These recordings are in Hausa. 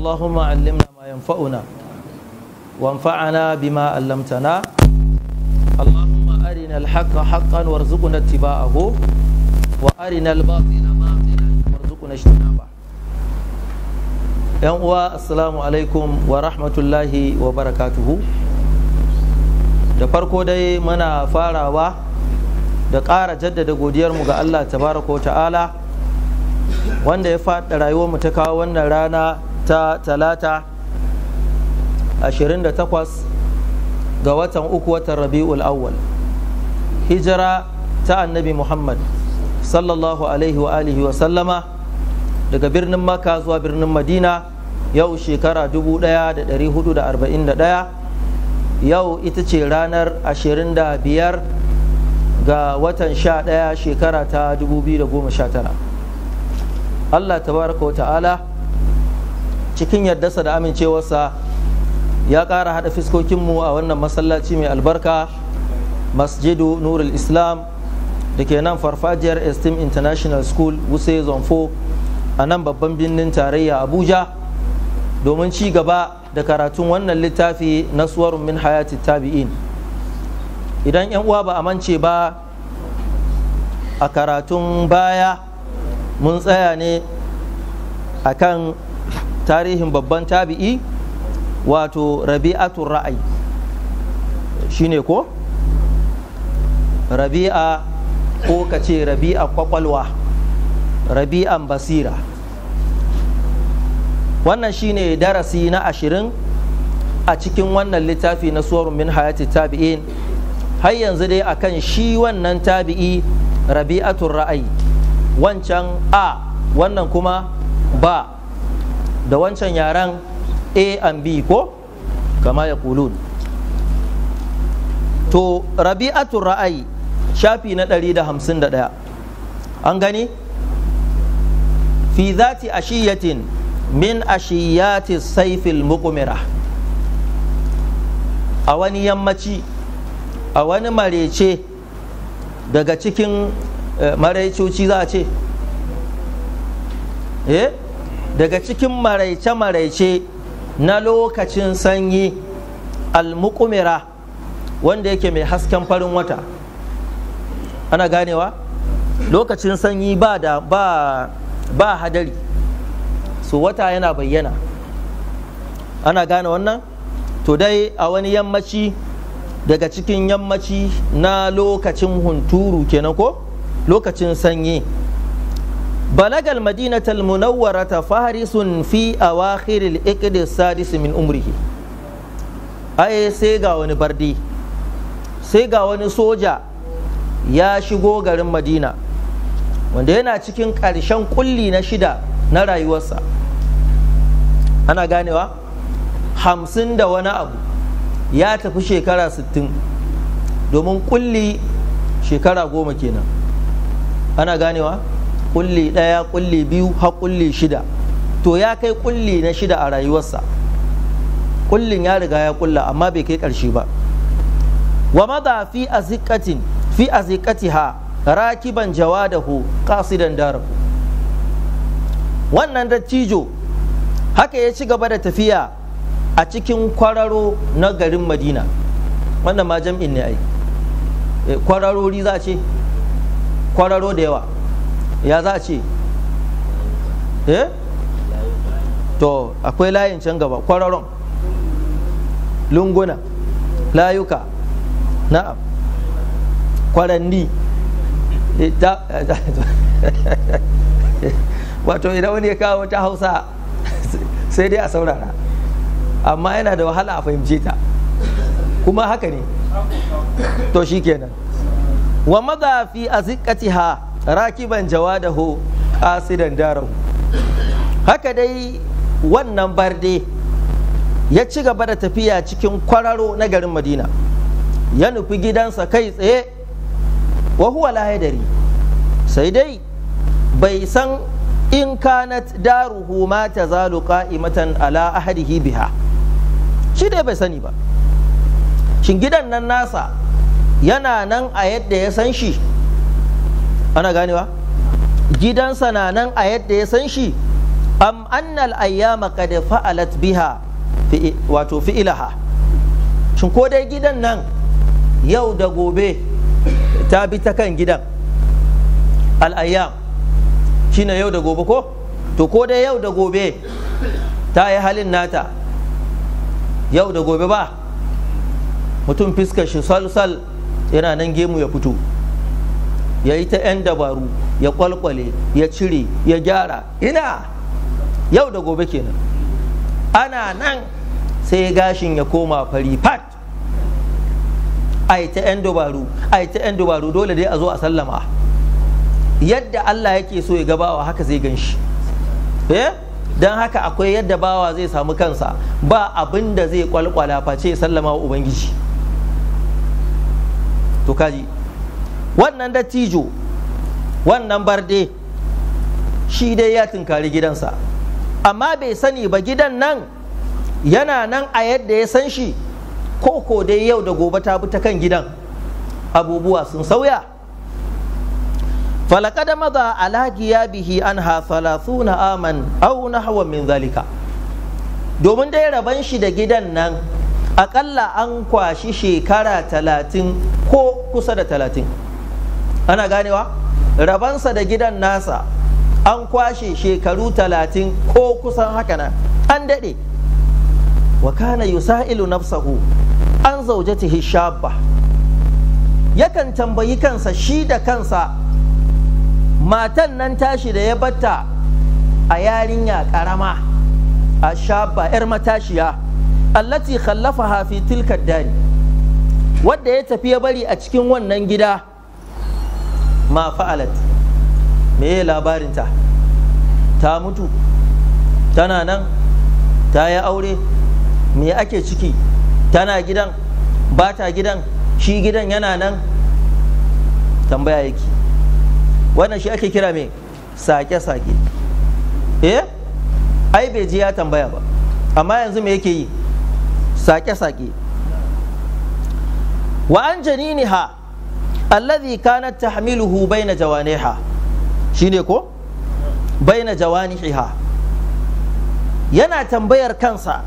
اللهم علمنا ما ينفعنا وانفعنا بما علمتنا اللهم أرنا الحق حقا وارزقنا اتباعه وأرنا الباطل باطلا وارزقنا اجتنابه uwa assalamu alaikum wa rahmatullahi wa barakatuhu da farko dai muna farawa da ƙara jaddada godiyarmu ga allah tabaraka ta'ala wanda ya faɗa rayuwarmu ta kawo wannan rana ta talata 28 ga watan uku watan rabi'ul awwal hijira ta annabi muhammad sallallahu alaihi wa alihi wa sallama daga birnin maka zuwa birnin madina yau shekara 1441 yau ita ce ranar 25 ga watan sha 11 shekara ta 2019 Allah tabaraka wa ta'ala cikin yardarsa da amincewarsa ya ƙara haɗa fiskokinmu a wannan masallaci mai albarka masjidu nurul islam da ke nan farfajiyar esteem international school wuse zonfo a nan babban birnin tarayya abuja domin ci gaba da karatun wannan littafi na suwarun min hayati tabi'in idan yan uwa ba a mance ba a karatun baya mun tsaya ne akan tarihin babban tabi'i wato rabi'atul ra'ayi shine ko rabi'a ko ka ce rabi'a kwakwalwa rabi'an basira wannan shine darasi na ashirin a cikin wannan littafi na suwarun min hayati tabi'in har yanzu dai a kan shi wannan tabi'i Rabi'atun ra'ayi wancan a wannan kuma ba da wancan yaren a and b ko kama ya kulun to rabi'atu ra'ayi shafi na 151 an gani fi zati ashiyatin min ashiyati saifil mukumira a wani yammaci a wani marece daga cikin eh, marecoci za a ce eh daga cikin maraice-maraice na lokacin sanyi almukumira wanda yake mai hasken farin wata ana ganewa lokacin sanyi ba da ba hadari so wata yana bayyana ana gane wannan to dai a wani yammaci daga cikin yammaci na lokacin hunturu kenan ko lokacin sanyi balagal madinatal munawwarata faharisun fi awakhiril iqdi sadis min umrihi ai sai ga wani bardi sai ga wani soja ya shigo garin madina wanda yana cikin ƙarshen kulli na shida na rayuwarsa ana ganewa hamsin da wani abu ya tafi shekara sittin domin kulli shekara goma kenan ana ganewa kulli ɗaya kulli biyu har kulli shida to ya kai kulli na shida a rayuwarsa kullin ya riga ya kulla amma bai kai ƙarshe ba wa maza fi azikatin fi azikatiha rakiban jawadahu qasidan darahu wannan dattijo haka ya ci gaba da tafiya a cikin kwararo na garin madina wannan ma jam'in ne ai eh, kwararori za ce kwararo da yawa ya za a ce eh to akwai layin can gaba kwararon lunguna layuka na'am kwaranni eh, wato idan wani ya kawo wata hausa sai dai a saurara amma yana da wahala a fahimce ta kuma haka ne to shi kenan wa maza fi ha? rakiban jawadahu asidan darahu haka dai wannan barde ya ci gaba da tafiya cikin kwararo na garin madina ya nufi gidansa kai tsaye wa huwa lahadari sai dai bai san in kanat daruhu ma ta zalu ka'imatan ala ahadihi biha shi dai bai sani ba shin gidan nan nasa yana nan a yadda ya san shi ana ganewa gidansa na nan a yadda ya san shi am annal ayyama qad fa'alat biha wato fi'ilaha shin ko dai gidan nan yau da gobe ta bi ta kan gidan shi shine yau da gobe ko to ko dai yau da gobe ta yi halin nata yau da gobe ba mutum fiskar shi sal-sal yana nan gemu ya fito ya yi ta 'yan dabaru ya kwalkwale ya cire ya gyara ina yau da gobe kenan ana nan sai gashin ya koma fari fat a yi ta 'yan dabaru a yi ta 'yan dabaru dole dai a zo a sallama yadda Allah yake so ya gabawa haka zai gan shi eh? don haka akwai yadda bawa zai samu kansa ba abin da zai kwalkwala face sallama wa ubangiji to kaji wannan dattijo wannan barde shi dai ya tunkari gidansa amma bai sani ba gidan nan yana nan a yadda ya san shi ko ko dai yau da gobe ta bi ta kan gidan abubuwa sun sauya falaka da maza alagiya bihi an hasalatu na aman au na hawa min zalika domin dai raban shi da gidan nan akalla an kwashi shekara talatin ko kusa da talatin ana ganewa rabansa da gidan nasa an kwashe shekaru talatin ko kusan haka nan an daɗe wa kana yusa'ilu nafsahu an zaujatihi shabba yakan tambayi kansa shi da kansa matan nan tashi da ya batta a yarinya karama a shabba 'yar matashiya allati khallafaha fi tilka dani wadda ya tafi ya bari a cikin wannan gida ma fa'alat me labarinta ta mutu tana nan ta yi aure me ake ciki tana gidan ba ta gidan shi gidan yana nan tambaya yake wannan shi ake kira me sake-sake eh ai bai ji ya tambaya ba amma yanzu me yake yi sake-sake wa an ha alladhi kanat tahmiluhu baina jawaniha shine ko baina jawanihiha yana tambayar kansa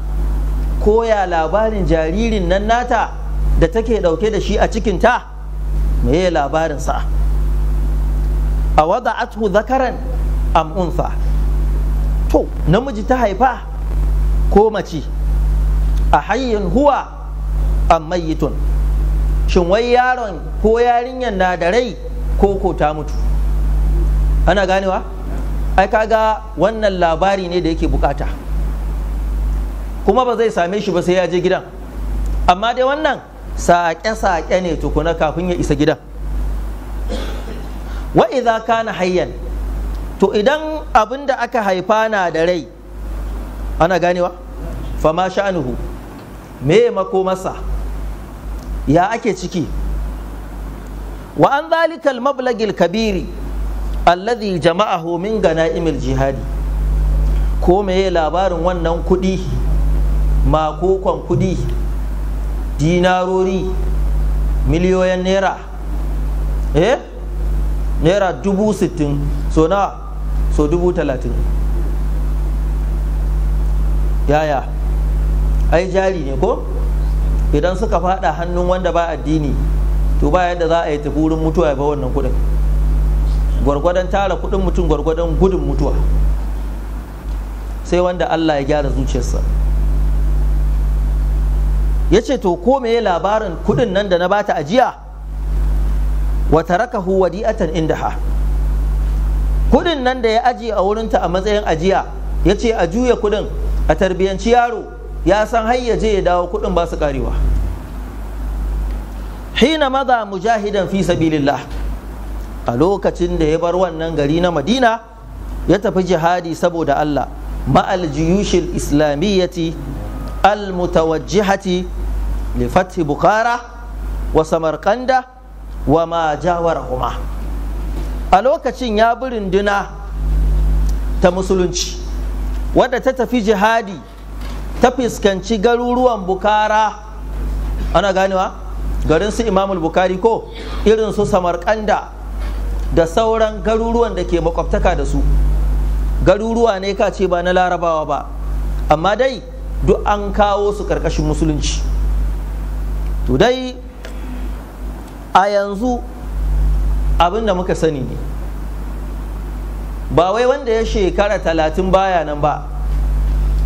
koya labarin jaririn nan nata da take dauke da shi a cikinta meye sa? a wada'athu zakaran am untha to namiji ta haifa ko mace a hayyin huwa am mayyitun shin wai yaron ko yarinyar na da rai ko ko ta mutu ana ganewa ai kaga wannan labari ne da yake bukata kuma ba zai same shi ba sai ya je gidan amma dai wannan saƙe-saƙe ne tukuna kafin ya isa gidan wa idza kana hayyan to idan abin da aka haifa na da rai ana ganewa fama sha'anuhu me makomarsa masa ya ake ciki wa an zalikal mablagil kabiri alladhi jama'ahu min gana'imil jihadi ko meye labarin wannan kuɗi makokon kudi dinarori miliyoyin naira eh naira dubu sittin so nawa so dubu talatin yaya ai jari ne ko idan suka fada hannun wanda ba addini to ba yadda za a yi tafi mutuwa ba wannan kuɗin gwargwadon tara kuɗin mutum gwargwadon gudun mutuwa sai wanda Allah ya gyara zuciyarsa ya ce to ko mai labarin kuɗin nan da na bata ajiya wata raka wadi'atan ha. kuɗin nan da ya ajiye a wurinta a matsayin ajiya ya ce a juya kuɗin a tarbiyanci yaro ya san har ya je ya dawo kuɗin ba su karewa hina maza mujahidan fi sabilillah a lokacin da ya bar wannan gari na madina ya tafi jihadi saboda allah ma'al jiyushil islamiyyati al mutawajjihati li fathi bukara wa samarkanda wa ma jawarahuma a lokacin ya bi runduna ta musulunci wadda ta tafi jihadi ta fuskanci garuruwan bukara ana ganewa garin su imamul bukari ko irin su samarkanda da sauran garuruwan da ke makwabtaka da su garuruwa ne ka ce ba na larabawa ba amma dai duk an kawo su karkashin musulunci to dai a yanzu abin da muka sani ne ba wai wanda ya shekara talatin baya nan ba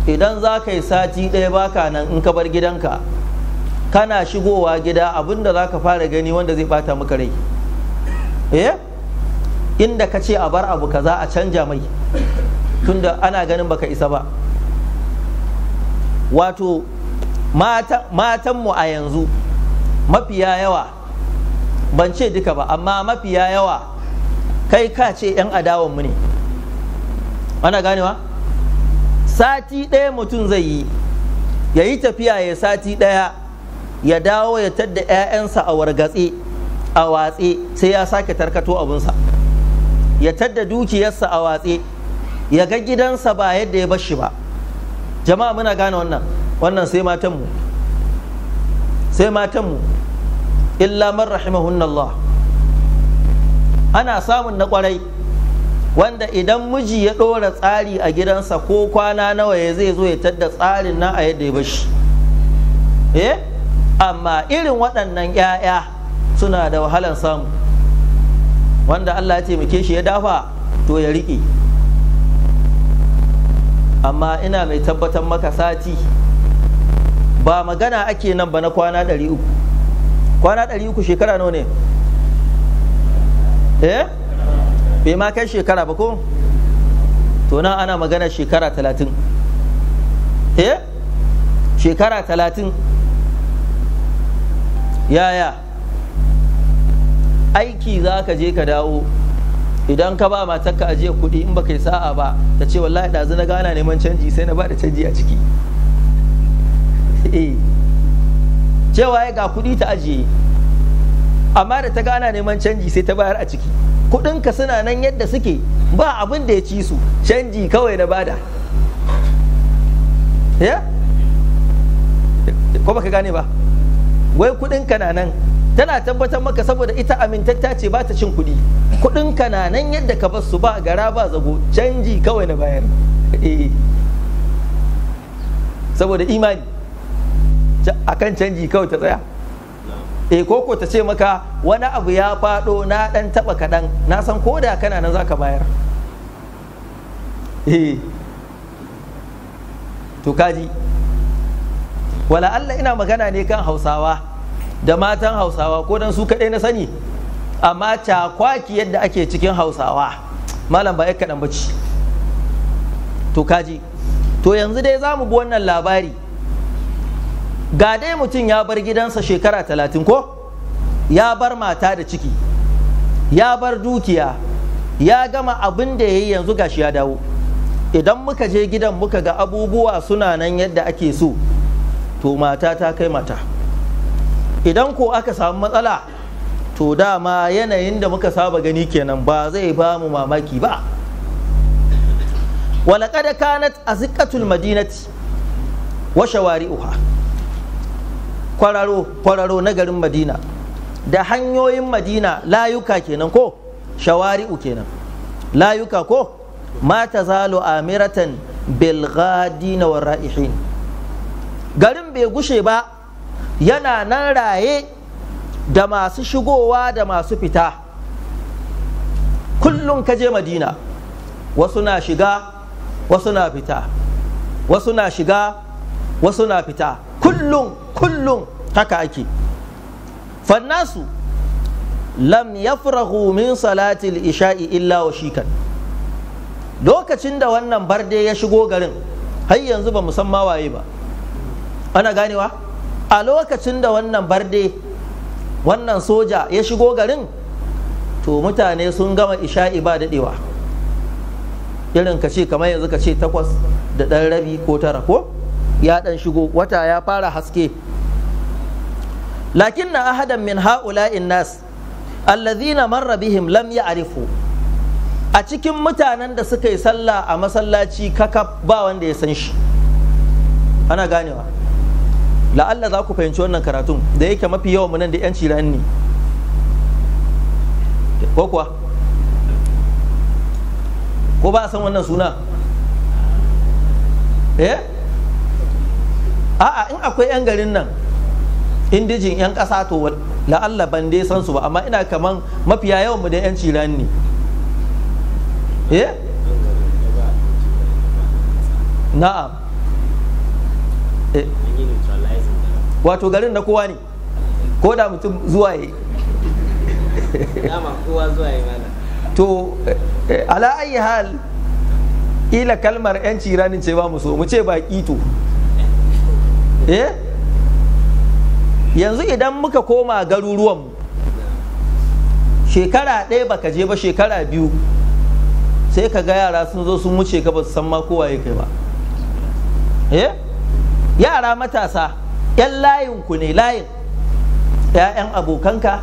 idan za ka yi sati ɗaya baka nan in ka bar gidanka kana shigowa gida abinda za ka fara gani wanda zai bata maka rai eh inda ka ce a bar abu kaza a canja mai tunda ana ganin baka isa ba wato matanmu a yanzu mafiya yawa ban ce duka ba amma mafiya yawa kai ka ce 'yan adawanmu ne ana ganewa sati ɗaya mutum zai yi ya yi tafiya ya sati ɗaya ya dawo ya tadda 'ya'yansa a wargatse a watse sai ya sake tarkato abunsa, ya tadda dukiyarsa a watse ya ga gidansa ba yadda ya bar shi ba jama'a muna gane wannan wannan sai matanmu sai matanmu illa man rahimahunna Allah ana samun na kwarai wanda idan miji ya ɗora tsari a gidansa ko kwana nawa ya zai zo ya tadda tsarin nan a yadda ya bashi eh amma irin waɗannan 'ya'ya suna da wahalan samu wanda Allah ya taimake shi ya dafa to ya riƙe amma ina mai tabbatar maka sati ba magana ake nan ba na kwana 300 kwana 300 shekara nawa ne eh bai ma kai shekara ba ko to nan ana magana shekara talatin eh shekara talatin yaya aiki za ka je ka dawo idan ka ba matarka ajiyar kuɗi in baka yi sa'a ba ta ce wallahi ɗazu na gana neman canji sai na ba da canji a ciki eh. cewa ya ga kuɗi ta ajiye amma da ta gana neman canji sai ta bayar a ciki kuɗinka suna nan yadda suke ba abin da ya ci su canji kawai na bada ya ko baka gane ba wai kuɗinka na nan tana tabbatar maka saboda ita amintatta ce ba ta cin kuɗi kuɗinka na nan yadda ka bar su ba gara ba zago canji kawai na bayar eh saboda imani akan canji kawai ta tsaya eh koko ta ce maka wani abu ya faɗo na ɗan taɓa kaɗan na san ko da kana nan zaka bayar eh to kaji wala Allah ina magana ne kan hausawa da matan hausawa ko dan su kaɗai na sani amma cakwaki yadda ake cikin hausawa malam ba kaɗan ba to kaji to yanzu dai za mu bi wannan labari ga dai mutum ya bar gidansa shekara talatin ko ya bar mata da ciki ya bar dukiya ya gama abin da ya yi yanzu gashi ya dawo idan muka je gidan muka ga abubuwa suna nan yadda ake so to mata ta kai mata idan ko aka samu matsala to dama yanayin da muka saba gani kenan ba zai ba mu mamaki ba walaƙada kanat a madinati wa shawari'uha kwararo kwararo na garin madina da hanyoyin madina layuka kenan ko shawari'u kenan layuka ko ma ta zalo amiratan bilgadina wa ra'ihin garin bai gushe ba yana nan raye da masu shigowa da masu fita kullum kaje madina wasu na shiga wasu na fita wasu na shiga wasu na fita kullum kullum haka ake fannasu lam yafrahu min salatil isha'i illa wa shikan lokacin da wannan barde ya shigo garin har yanzu ba musan mawaye ba ana ganewa a lokacin da wannan barde wannan soja ya shigo garin to mutane sun gama isha'i ba daɗewa irin ka ce kamar yanzu ka ce takwas da ɗan rabi ko tara ko ya dan shigo wata ya fara haske lakin na ahadan min ha'ula'in nas alladhina marra bihim lam ya'rifu a cikin mutanen da suka yi sallah a masallaci kaka ba wanda ya san shi ana ganewa la'alla za ku fahimci wannan karatun da yake mafi yawan munan da 'yanci ran ne ko kuwa ko ba san wannan suna eh a'a in akwai 'yan garin nan indijin 'yan ƙasa to la'alla ban dai san su ba amma ina kaman mafiya yawan mu da 'yan ciran ne eh na'am eh. wato garin na kowa ne ko da mutum zuwa yi to eh, ala ayi hal ila kalmar 'yan ciranin ce ba mu so mu ce ba ƙito Eh? yanzu idan muka koma garuruwanmu shekara ɗaya baka je ba shekara biyu sai ka ga yara sun zo sun wuce ka ba su san ma kowa ya kai ba eh? yara matasa 'yan layinku ne layin 'ya'yan abokanka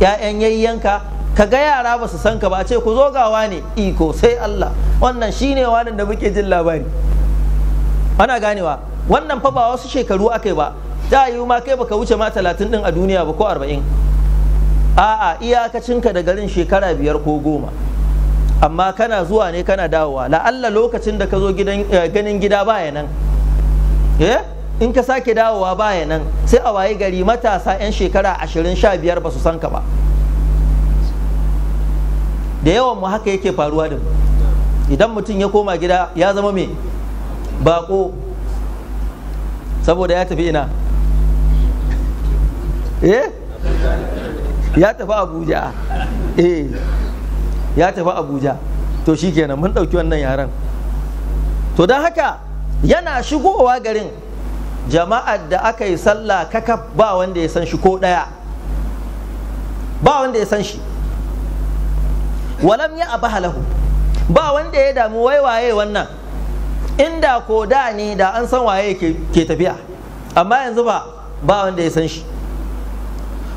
'ya'yan yayyanka ka ga yara ba su san ka ba ce ku zo gawa ne iko sai Allah wannan shine wani da muke jin labari ana ganewa wannan fa ba wasu shekaru akai ba da yiwu ma kai baka wuce ma talatin din a duniya ba ko arba'in a'a iyakacinka da garin shekara biyar ko goma amma kana zuwa ne kana dawowa la'alla lokacin da ka zo eh, ganin gida baya nan eh? in ka sake dawowa baya nan sai a waye gari matasa 'yan shekara ashirin sha biyar ba su san ka ba da yawan mu haka yake faruwa din idan mutum ya koma gida ya zama mai bako saboda ya tafi ina eh ya tafi abuja eh ya tafi abuja to shikenan mun ɗauki wannan yaren to don haka yana shigowa garin jama'ar da aka yi sallah kakaf ba wanda ya san shi ko ɗaya ba wanda ya san shi walam ya abu halahu ba wanda ya damu waiwaye wannan inda ko da ne da an san waye ke tafiya amma yanzu ba ba wanda ya san shi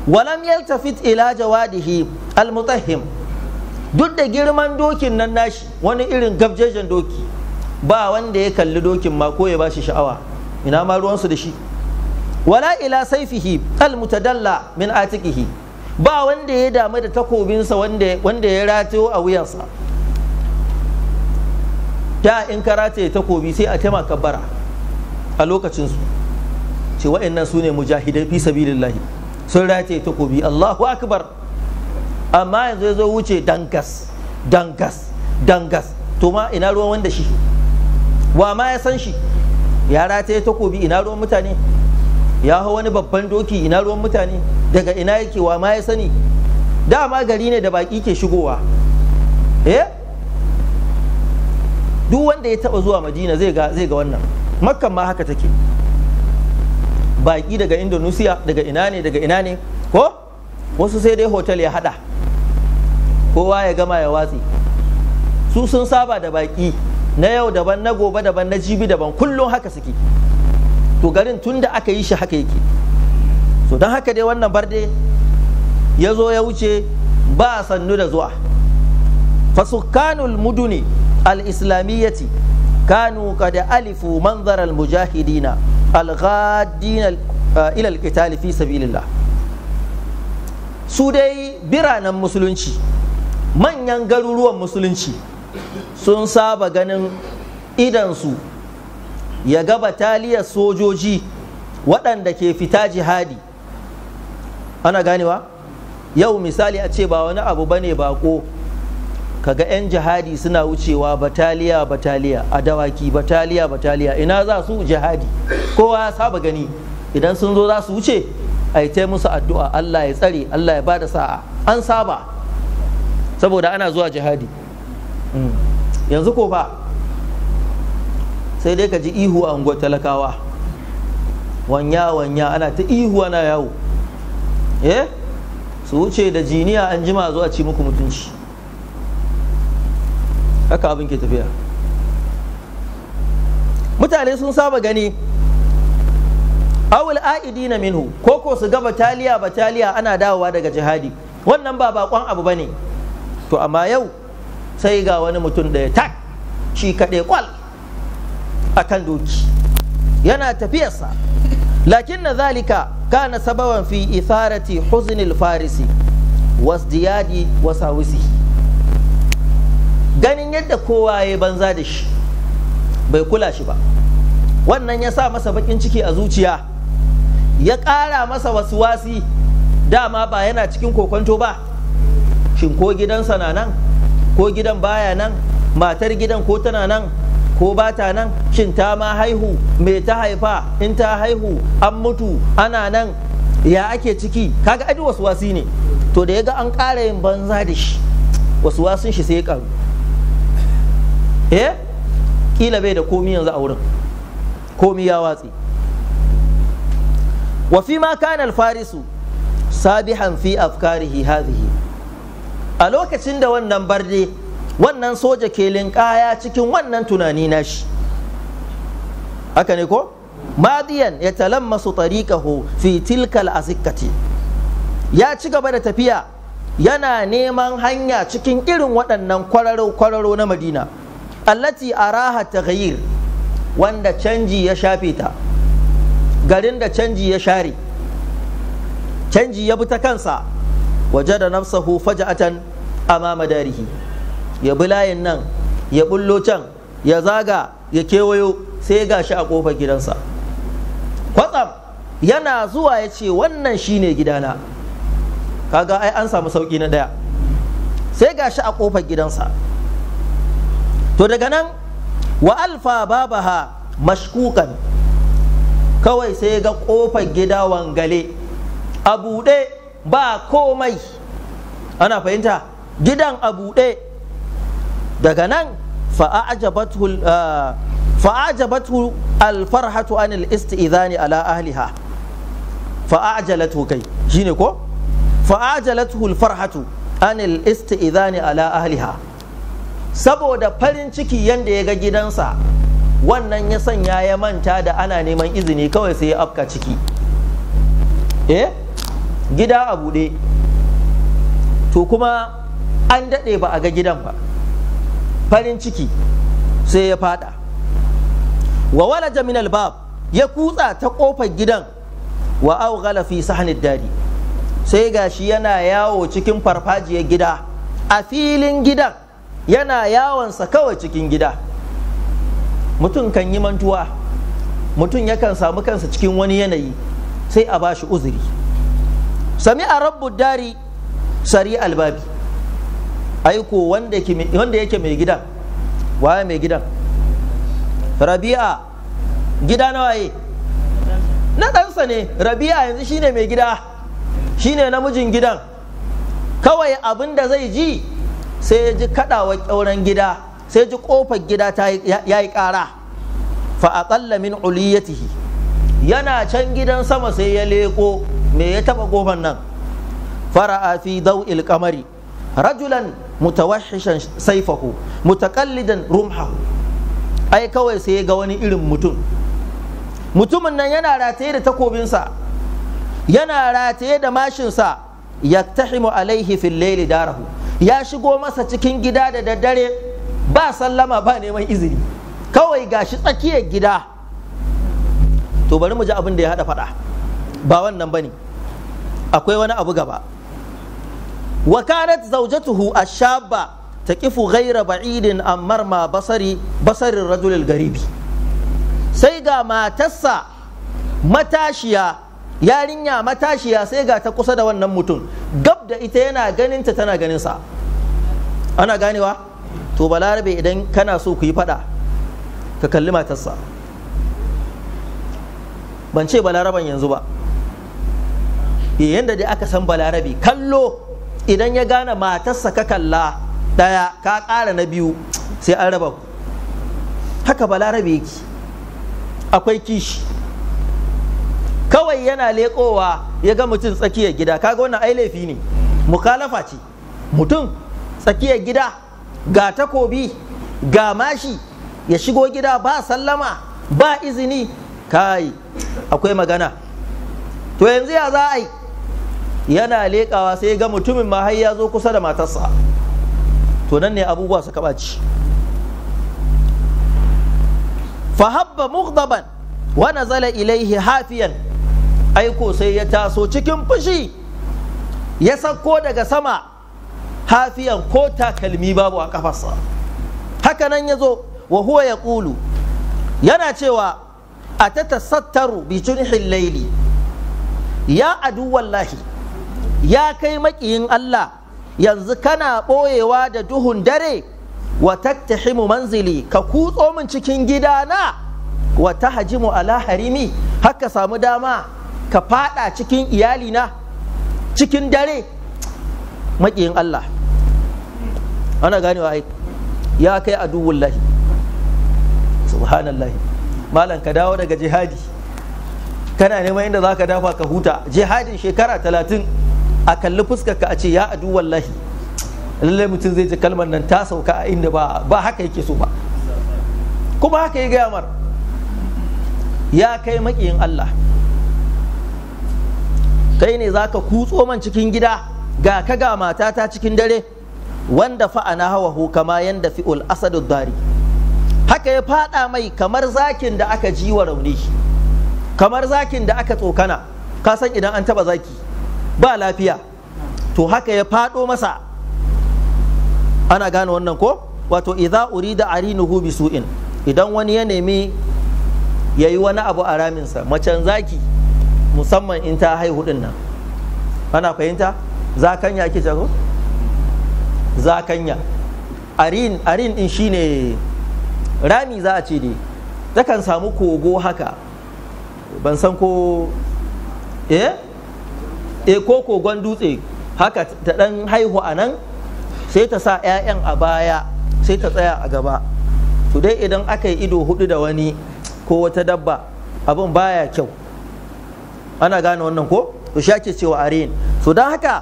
walam yaltafit ila jawadihi almutahhim duk da girman dokin nan nashi wani irin gabjejen doki ba wanda ya kalli dokin ma ko ya bashi sha'awa ina ma ruwansu da shi wala ila saifihi almutadalla min atikihi ba wanda ya damu da takobinsa wanda ya ratayo a wuyansa da in ka rataye takobi sai a taima kabbara a lokacinsu ce wa'annan su ne mujahidai fi sabilillahi sun rataye takobi Allahu akbar amma yanzu ya zo wuce dangas dangas dangas to ma ina ruwan wanda shi wa ma ya san shi ya rataye takobi ina ruwan mutane ya hau wani babban doki ina ruwan mutane daga ina yake wa ma ya sani dama gari ne da baki ke shigowa eh duk wanda ya taba zuwa madina zai ga zai ga wannan makkan ma haka take baki daga indonesia daga ina ne daga ina ne ko wasu sai dai hotel ya hada kowa ya gama ya watsi su sun saba da baki na yau daban na gobe daban na jibi daban kullum haka suke to garin tun da aka yi shi haka yake so don haka dai wannan barde ya zo ya wuce ba sannu da zuwa fasukanul muduni al-islamiyyati kanu qad alifu manzarar mujahidina al-ghadina uh, ila al su dai biranen musulunci manyan garuruwan musulunci sun saba ganin idansu ya ga bataliyar sojoji waɗanda ke fita jihadi ana ganewa yau misali a ce ba wani abu bane bako kaga 'yan jihadi suna wucewa bataliya bataliya a dawaki bataliya bataliya ina za su jihadi kowa ya saba gani idan sun zo za su wuce a yi ta musu addu'a Allah ya tsare Allah ya bada sa'a an saba saboda ana zuwa jihadi mm. yanzu ko fa sai dai ka ji ihu a unguwar talakawa wanya wanya ana ta ihu ana yawo eh su wuce da jiniya an jima zuwa ci muku mutunci haka abin ke tafiya mutane sun saba gani awul na minhu ko ko su ga bataliya bataliya ana dawowa daga jihadi wannan ba bakon abu bane to amma yau sai ga wani mutum da ya tak shi kaɗe kwal a kan doki yana tafiyarsa lakin na zalika kana sababan fi itharati huznil farisi wasdiyadi wasawisi ganin yadda kowa ya banza da shi bai kula shi ba wannan ya sa masa bakin ciki a zuciya ya ƙara masa wasu wasi dama ba yana cikin kokonto ba shin ko gidansa na nan ko gidan baya nan matar gidan ko tana nan ko ba ta nan shin ta ma haihu mai ta haifa in ta haihu an mutu ana nan ya ake ciki kaga adi wasu wasi ne to da ya ga an ƙara yin banza da shi wasu wasun shi sai ya ƙaru eh kila bai da komi yanzu a wurin komi ya watsi wa fi ma kana al-farisu sabihan fi afkarihi hadhihi a lokacin da wannan barde wannan soja ke linkaya cikin wannan tunani nashi haka ne ko madiyan ya talammasu tariqahu fi tilkal asikati ya ci gaba da tafiya yana neman hanya cikin irin waɗannan kwararo kwararo na madina allati araha taghayyir wanda canji ya shafe ta garin da canji ya share canji ya bi ta kansa waje da nafsahu faja'atan amama darihi ya bi layin nan ya bullo can ya zaga ya kewayo sai ga shi a kofar gidansa kwatsam yana zuwa ya ce wannan shine gidana kaga ai an samu sauki na daya sai ga shi a kofar gidansa to daga nan wa alfa babaha mashkukan kawai sai ga kofar gida wangale a buɗe ba komai ana fahimta gidan a buɗe daga nan fa'ajabatu ah, alfarhatu an anil istizani ala ahliha fa'ajalatu kai shine ko fa'ajalatu alfarhatu anil istizani ala ahliha saboda farin ciki yadda ya ga gidansa wannan ya sanya ya manta da ana neman izini kawai sai ya afka ciki eh gida a buɗe to kuma an daɗe ba a ga gidan ba farin ciki sai ya fada wa walaja jamin albab ya kutsa ta ƙofar gidan wa aughalafi fi sahanin dadi sai gashi yana yawo cikin farfajiyar gida a filin gidan yana yawansa kawai cikin gida mutum kan yi mantuwa mutum yakan samu kansa cikin wani yanayi sai a bashi uzuri sami a rabbu dari sari albabi aiko wanda yake mai gidan waye mai gidan rabi'a gida na waye na ɗansa ne rabi'a yanzu shine mai gida shine namijin gidan kawai abin da zai ji sai ya ji kaɗawa ƙyauren gida sai ji kofar gida ya yi kara, fa aqalla min uliyatihi yana can gidan sama sai ya leko me ya taɓa ƙofar nan fara'a fi daw'il qamari rajulan mutawahhishan saifahu mutakallidan rumhahu ai kawai sai ga wani irin mutum mutumin nan yana rataye da takobinsa yana rataye da mashinsa yaktahimu alaihi fil laili darahu ya shigo masa cikin gida da daddare ba sallama ba neman izini kawai ga shi tsakiyar gida to bari mu ji abin da ya hada faɗa ba wannan bane akwai wani abu gaba wa kanat zawjatuhu ta taqifu ghayra ba'idin ammar ma basari basarin rajulil garibi sai ga matarsa matashiya yarinya matashiya sai ga ta kusa da wannan mutum gab da ita yana ganinta tana ganinsa ana ganewa to balarabe idan kana so ku yi fada ka kalli matarsa ban ce balaraban yanzu ba eh, yadda dai aka san balarabe kallo idan ya gane matarsa ka kalla ɗaya ka ƙara na biyu sai an raba ku haka balarabe yake akwai kishi kawai yana leƙowa ya ga mutum tsakiyar gida kaga wannan ai laifi ne mukalafa ce mutum tsakiyar gida ga takobi ga mashi ya shigo gida ba sallama ba izini kai akwai magana to yanzu ya za a yi yana leƙawa sai ga mutumin ma har ya zo kusa da matarsa to nan ne abubuwa suka ɓaci fahabba mughdaban wa nazala ilaihi hafiyan aiko sai ya taso cikin fushi ya sauko daga sama hafiyan ko takalmi babu a kafarsa haka nan ya zo wa huwa ya ƙulu yana cewa a ta tasattaru bi laili ya adu wallahi ya kai maƙiyin Allah yanzu kana ɓoyewa da duhun dare wa tattahimu manzili ka kutso min cikin gidana wa ta hajimu ala harimi haka samu dama ka fada cikin iyalina cikin dare maƙiyin Allah ana ganewa ai ya kai wallahi. subhanallahi malam ka dawo daga jihadi kana neman inda zaka dafa ka huta jihadin shekara talatin a kalli fuskar ka a ce ya wallahi. lallai mutum zai ji kalmar nan ta sauka a inda ba haka yake so ba kuma haka ya gaya mar ya kai maƙiyin Allah kai ne zaka kutso man cikin gida ga ka ga matata cikin dare wanda fa'ana hu kama yanda fi'ul asadu dari haka ya fada mai kamar zakin da aka ji wa rauni kamar zakin da aka tsokana ka san idan an taba zaki ba lafiya to haka ya fado masa ana gane wannan ko wato idza urida arinuhu bisu'in idan wani ya nemi yayi wani abu a raminsa macen zaki musamman in ta haihu din nan ana fahimta zakanya ake cewa zakanya arin arin din shine rami za a ce dai takan samu kogo haka ban san ko eh eh ko kogon dutse haka ta dan haihu a nan sai ta sa 'ya'yan a baya sai ta tsaya a gaba to dai idan aka yi ido hudu da wani ko wata dabba abin baya kyau ana gane wannan ko to shi ake cewa arin so dan haka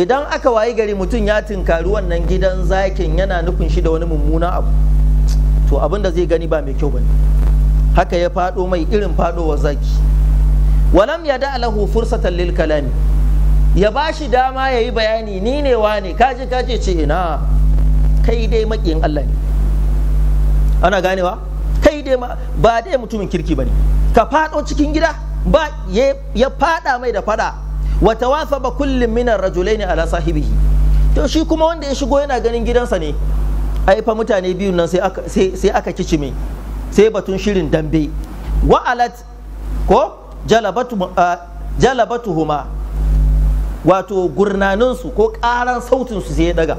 idan aka wayi gari mutum ya tinkari wannan gidan zakin yana nufin shi da wani mummuna abu to abin da zai gani ba mai kyau bane haka ya fado mai irin fadowa zaki walam ya da'a lahu fursatan lil kalami ya ba shi dama ya yi bayani ni ne wane kaje kaje ce ina kai dai maƙiyin Allah ne ana ganewa kai dai ba dai mutumin kirki bane ka fado cikin gida ba ya fada mai da fada wa ba kullum minar ne ala sahibihi to shi kuma wanda ya shigo yana ganin gidansa ne ai fa mutane biyu nan sai aka kici sai batun shirin dambe wa alat ko jalabatu jalabatuhuma wato gurnaninsu ko karan sautinsu sai ya daga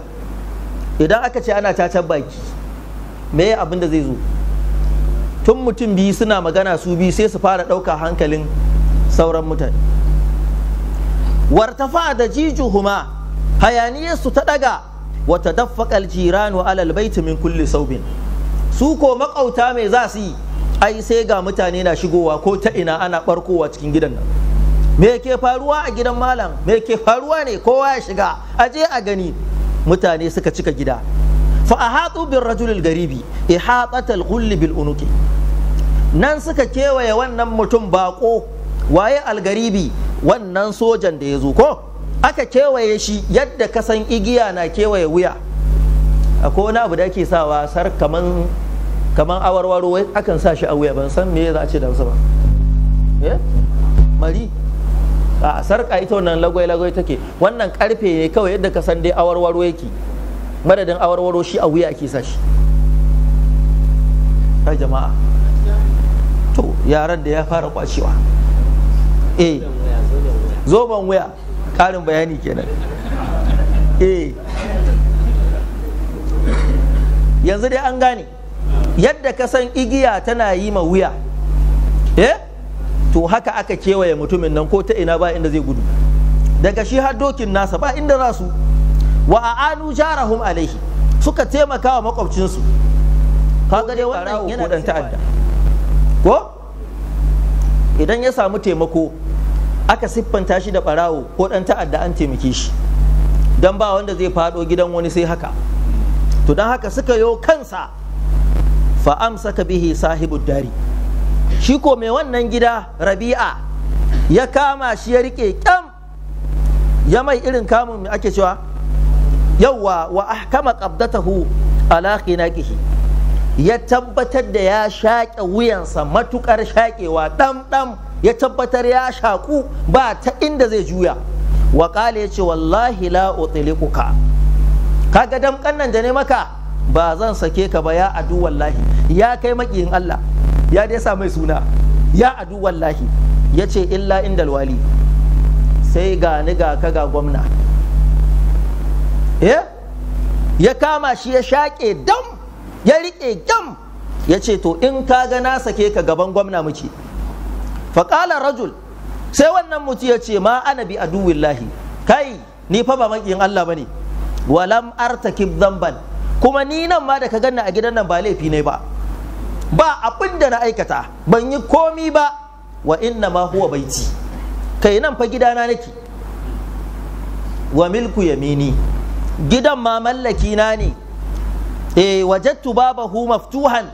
idan aka ce ana cacar baki me abin da zai zo tun mutum biyu suna magana su biyu sai su fara ɗauka hankalin sauran mutane wartafa da jijuhuma su ta ɗaga wata daffakal jiranu alal baiti min kulli saubin su ko makauta mai za su yi ai sai ga mutane na shigowa ko ta ina ana ɓarkowa cikin gidan nan me ke faruwa a gidan malam me ke faruwa ne kowa ya shiga aje a gani mutane suka cika gida fa bin bir rajulil garibi ihatatal ghulli bil unuki. nan suka kewaye wannan mutum bako waye algaribi wannan sojan da ya zo ko aka kewaye shi yadda kasan igiya na kewaye wuya akwai wani abu da ake sawa sar kaman kaman awarwaro wai akan sa shi a wuya ban san me za a ce da ba mari a sarka ita wannan lagwai lagwai take wannan karfe ne kawai yadda ka san dai awarwaro yake madadin awarwaro shi a wuya ake sashi. shi jama'a to yaran da ya fara kwacewa eh zoben wuya karin bayani kenan eh yanzu dai an gane yadda ka san igiya tana yi ma wuya eh to haka aka kewaye mutumin nan ko ta ina ba inda zai gudu daga shi har dokin nasa ba inda za su wa a'anu jarahum alaihi suka taimaka wa makwabcinsu kaga dai wannan yana da ta'adda ko idan ya samu taimako aka siffanta shi da barawo ko dan ta'adda an taimake shi dan ba wanda zai fado gidan wani sai haka to dan haka suka yo kansa fa amsaka bihi sahibud dari shi ko mai wannan gida rabi'a ya kama shi ya rike kyam ya mai irin kamun ake cewa yawwa wa ahkama qabdatahu ala khinaqihi ya tabbatar da ya shaƙe wuyansa matukar shaƙewa dam dam ya tabbatar ya shaƙu ba ta inda zai juya wa ya ce wallahi la utliquka kaga damƙan nan da ne maka ba zan sake ka ba ya adu wallahi ya kai makiyin Allah ya dai sa mai suna ya adu wallahi ya ce illa indal wali sai ga ni ga ka ga gwamna Eh? ya kama shi ya shaƙe dam ya riƙe gyam ya ce to in ka ga na sake ka gaban gwamna muke faƙalar rajul sai wannan mutu ya ce ma ana bi lahi. kai ni fa ba maƙin Allah ba ne walam artakib zamban kuma ni nan ma da ka ganna a gidan nan ba laifi ne ba ba abin da na aikata ban yi komi ba wa inna ma huwa baiti kai nan fa gidana nake wa milku yamini gidan ma mallaki na ne e wajattu babahu maftuhan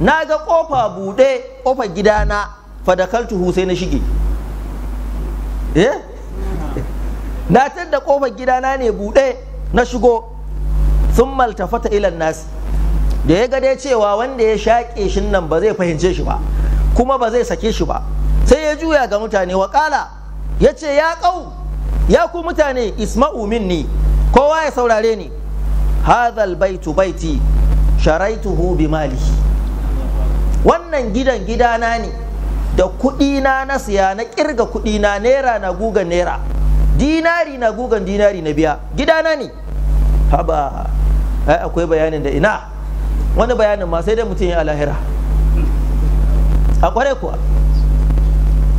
na ga kofa buɗe kofa gidana fadakaltuhu sai na shige eh? na da kofar gidana ne buɗe na shigo sun maltafata ilan nasi da ya gade cewa wanda ya shaƙe shi nan ba zai fahimce shi ba kuma ba zai sake shi ba sai ya juya ga mutane waƙala ya ce ya kau ya ku mutane isma'u minni kowa ya saurare ni hadhal baitu baiti sharaituhu bi mali wannan gidan gidana ne da kudina na siya na kirga kudina naira na guga naira dinari na gugan dinari na biya gidana ne haba ai akwai bayanin da ina wani bayanin ma sai dai mutum ya alahira a kware kuwa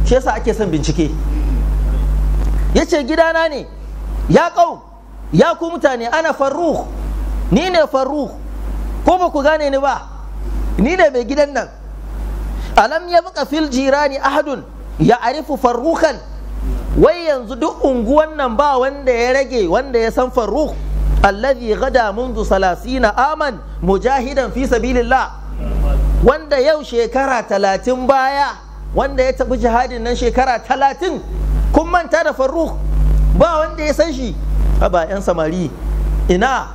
shi yasa ake son bincike ya ce gidana ne ya kau ya ku mutane ana farruh ni ne farruh ko ba ku gane ni ba ni ne mai gidan nan alam ya buka fil jirani ahadun ya arifu farrukan wai yanzu duk unguwan nan ba wanda ya rage wanda ya san farruh alladhi gada mundu salasina aman mujahidan fi sabilillah wanda yau shekara talatin baya wanda ya tafi jihadin nan shekara talatin kun manta da farruh ba wanda ya san shi haba 'yan samari ina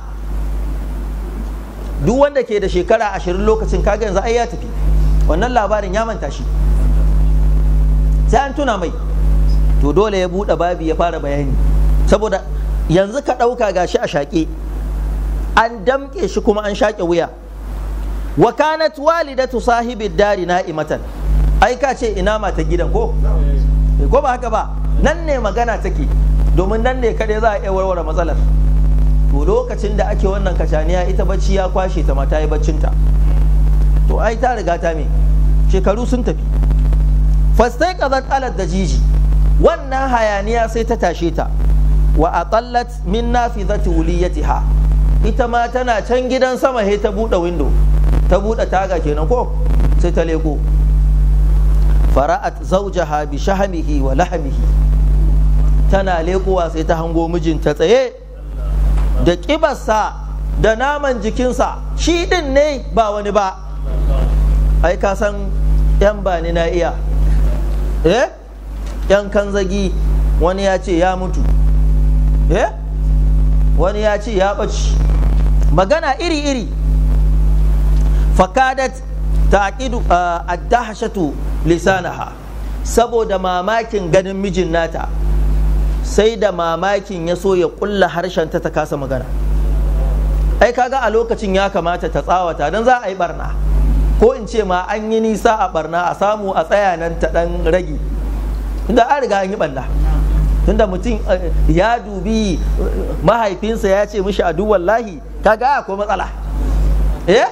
duk wanda ke da shekara ashirin lokacin kaga yanzu ai ya tafi wannan labarin ya manta shi sai an tuna mai to dole ya buɗe babi ya fara bayani saboda yanzu ka ɗauka gashi a shaƙe an damƙe shi kuma an shaƙe wuya wa kanat walidatu sahibi dari na'imatan ai ka ce ina mata gidan ko eh. Eh, ko ba haka ba nan ne magana take domin nan ne kada za a iya warware matsalar to lokacin da ake wannan kacaniya ita bacci ya kwashe ta mata ta yi baccinta to ai ta riga ta me shekaru sun tafi fastai kazan alad da jiji wannan hayaniya sai ta tashe ta wa atallat min nafizati ha ita ma tana can gidan sama he ta buɗe window ta buɗe taga kenan ko sai ta leko fara'at zawjaha bi shahamihi wa lahamihi tana lekowa sai ta hango mijinta tsaye da ƙibarsa da naman jikinsa shi ɗin ne ba wani ba ai ka san 'yan bani na iya eh 'yan kanzagi wani ya ce ya mutu eh wani ya ce ya ɓaci magana iri-iri fakadat ta aƙidu a lisanaha saboda mamakin ganin mijin nata sai da mamakin ya so ya kulla harshen ta ta kasa magana ai kaga a lokacin ya kamata ta tsawata don za a yi barna ko in ce ma an yi nisa a barna a samu a tsaya nan ta dan rage Tunda an riga an yi balla tunda mutum eh, ya dubi mahaifinsa ya ce mishi adu wallahi kaga akwai matsala eh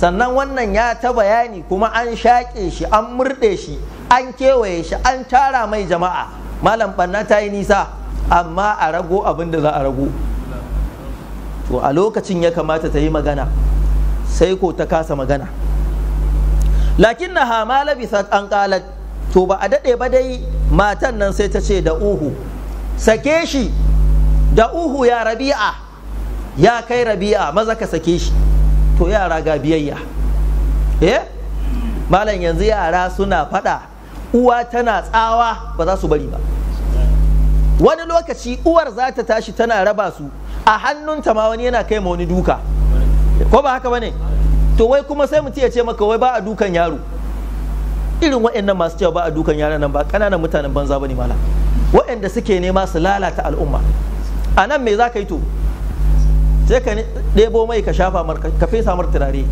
sannan wannan ya ta bayani kuma an shaƙe shi an murɗe shi an kewaye shi an tara mai jama'a malam banna ta yi nisa amma a rago abin da za a rago to a lokacin ya kamata ta yi magana sai ko ta kasa magana lakin na hama bisa an kalat to ba a daɗe ba dai matan nan sai ta ce da uhu sake shi da uhu ya rabi'a ya kai rabi'a maza ka sake shi to yara ga biyayya eh malam yanzu yara suna faɗa uwa tana tsawa ba za su bari ba wani lokaci uwar za ta tashi tana raba su a hannunta ma wani yana kai ma wani duka ko ba haka bane to wai kuma sai mutum ya ce maka wai ba a dukan yaro irin waɗannan masu cewa ba a dukan yaro nan ba ƙananan mutanen banza bane mala waɗanda suke nema su lalata al'umma a nan me za ka yi to sai ka ɗebo mai ka shafa ka fesa mar turare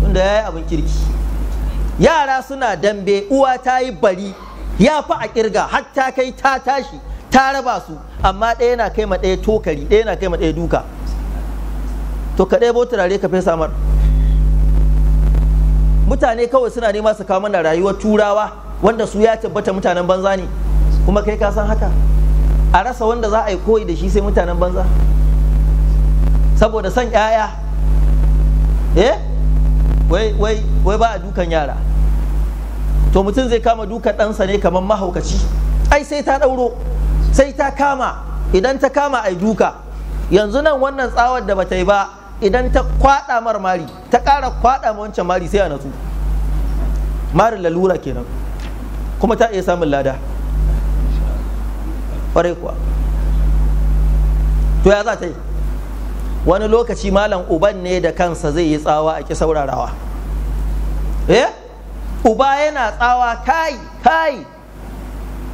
tunda ya yi abin kirki yara suna dambe uwa ta yi bari ya fi a kirga hatta kai ta tashi ta raba su amma ɗaya na kai ma ɗaya tokari ɗaya na kai ma ɗaya duka to ka ɗaya turare ka fesa mar mutane kawai suna nema su kawo mana rayuwar turawa wanda su ya tabbata mutanen banza ne kuma kai ka san haka a rasa wanda za a yi koyi da shi sai mutanen banza saboda son 'ya'ya eh wai ba a dukan yara to mutum zai kama duka ɗansa ne kamar mahaukaci ai sai ta ɗauro sai ta kama idan ta kama ai duka yanzu nan wannan tsawar da bata yi ba idan ta kwaɗa mar mari ta ƙara kwaɗa ma wancan mari sai a natsu marin lalura kenan kuma ta iya samun lada ƙwarai kuwa to ya za ta yi wani lokaci malam uban ne da kansa zai yi tsawa a ki saurarawa eh uba yana tsawa kai kai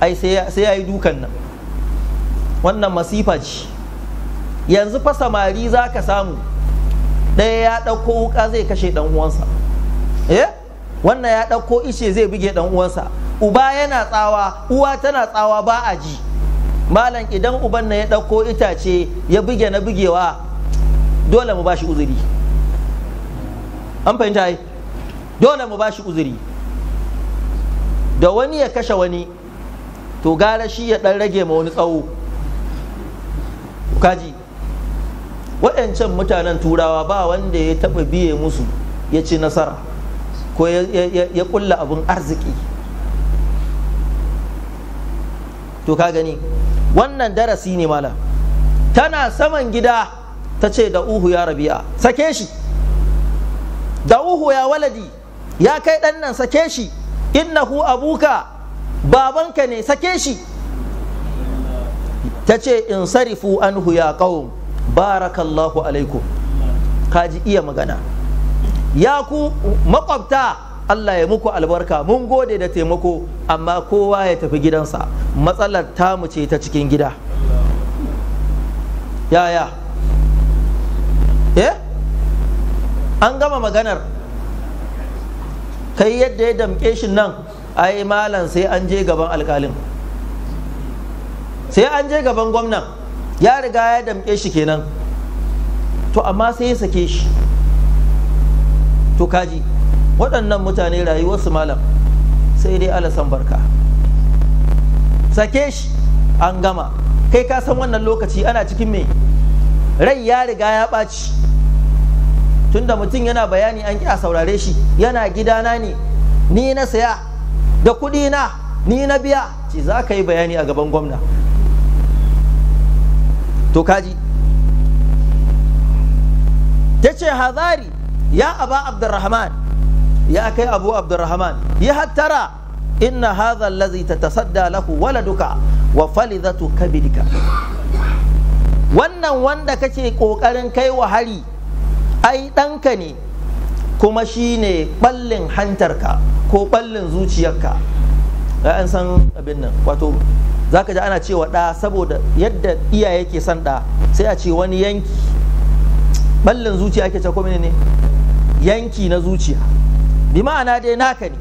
ai sai ya yi dukan nan wannan masifa ce yanzu fa samari za ka samu ɗaya ya ɗauko wuka zai kashe ɗan uwansa eh wannan ya ɗauko ishe zai buge ɗan uwansa uba yana tsawa uwa tana tsawa ba a ji malam idan uban na ya ɗauko itace ya buge na bugewa dole mu bashi uzuri an fahimta ai dole mu bashi uzuri da wani ya kashe wani to gara shi ya dan rage ma wani tsawo kaji waɗancan mutanen turawa ba wanda ya taɓa biye musu ya ci nasara ko ya ƙulla abin arziki to ka gani wannan darasi ne malam tana saman gida ta ce da uhu ya rabi'a sake shi da uhu ya waladi ya kai ɗan nan sake shi innahu abuka babanka ne sake shi ta ce in sarifu anhu ya ƙawon barakallahu alaikum kaji iya magana ya ku makwabta Allah ya muku albarka mun gode da taimako amma kowa ya tafi gidansa matsalar tamu ce ta cikin gida yaya Eh? an gama maganar kai yadda ya damke shi nan a yi malam sai an je gaban alkalin sai an je gaban gwamnan ya riga ya damke shi kenan to amma sai ya sake shi to kaji waɗannan mutane rayuwarsu malam sai dai alasan barka sake shi an gama kai ka san wannan lokaci ana cikin me rai ya riga ya ɓaci tunda mutum yana bayani an ƙi a saurare shi yana gidana ne ni na saya da kuɗi na ni na biya ce za ka yi bayani a gaban gwamna to kaji ta ce hazari ya aba abdurrahman ya kai abu abdurrahman ya hattara inna hadha allazi tatasadda lahu waladuka wa falidatu kabidika wannan wanda kake ƙoƙarin kai wa hari ai ɗanka ne kuma shi ne ɓallin hantarka ko ɓallin zuciyarka an san abin nan wato za ka ji ana cewa ɗa saboda yadda iyaye ke son ɗa sai a ce wani yanki ɓallin zuciya ake cewa ne yanki na zuciya bi ma'ana dai naka ne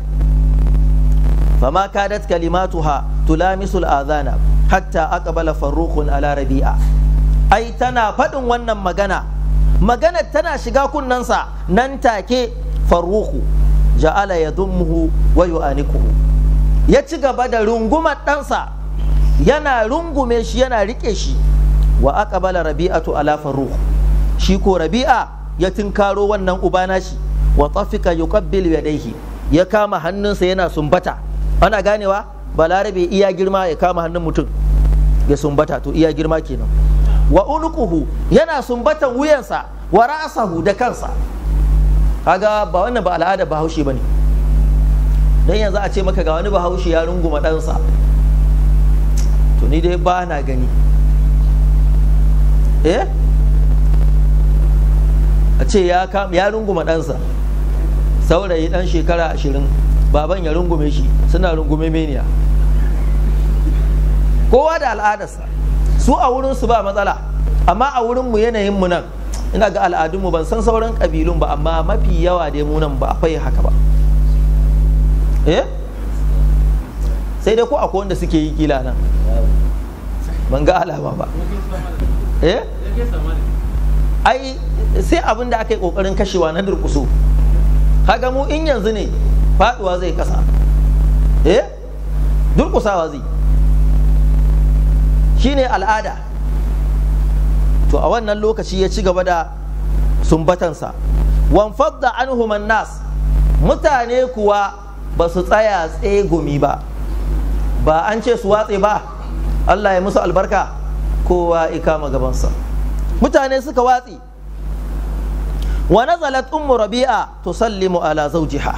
fama kadat kalimatuha tulamisul azana hatta aqbala farruqun ala rabi'a ai tana faɗin wannan magana magana tana shiga kunnensa nan take faruku ja'ala ya dummuhu wa yu'anikuhu ya ci gaba da rungumar ɗansa yana rungume shi yana riƙe shi wa aqbala rabi'atu ala faruku shi ko rabi'a ya tinkaro wannan ubana shi wa tafika yuqabbil yadayhi ya kama hannunsa yana sumbata ana ganewa balarabe iya girma ya kama hannun mutum ya sumbata to iya girma kenan wa unuquhu yana sumbatan wuyansa wa ra'asahu da kansa kaga ba wannan ba al'ada bahaushe bane dan yanzu a ce maka ga wani bahaushe ya runguma ɗansa to ni dai ba na gani eh a ce ya runguma ɗansa saurayi ɗan shekara ashirin baban ya rungume shi suna rungume meniya kowa da al'adarsa su a wurin su ba matsala amma a wurin mu yanayin mu nan ina ga al'adunmu ban san sauran kabilun ba amma mafi yawa dai mu nan ba akwai haka ba eh sai dai ko akwai wanda suke yi kila nan ban ga alama ba eh ai sai abin da aka yi kokarin kashewa na durkusu kaga mu in yanzu ne faduwa zai kasa eh durkusawa zai shine al'ada to a wannan lokaci ya ci gaba da sumbatansa wanfadda anhuman nas mutane kuwa ba su tsaya tsegumi ba ba an ce su watse ba Allah ya musu albarka kowa ikama gabansa mutane suka watse wa nazalat ummu rabi'a tusallimu ala zawjiha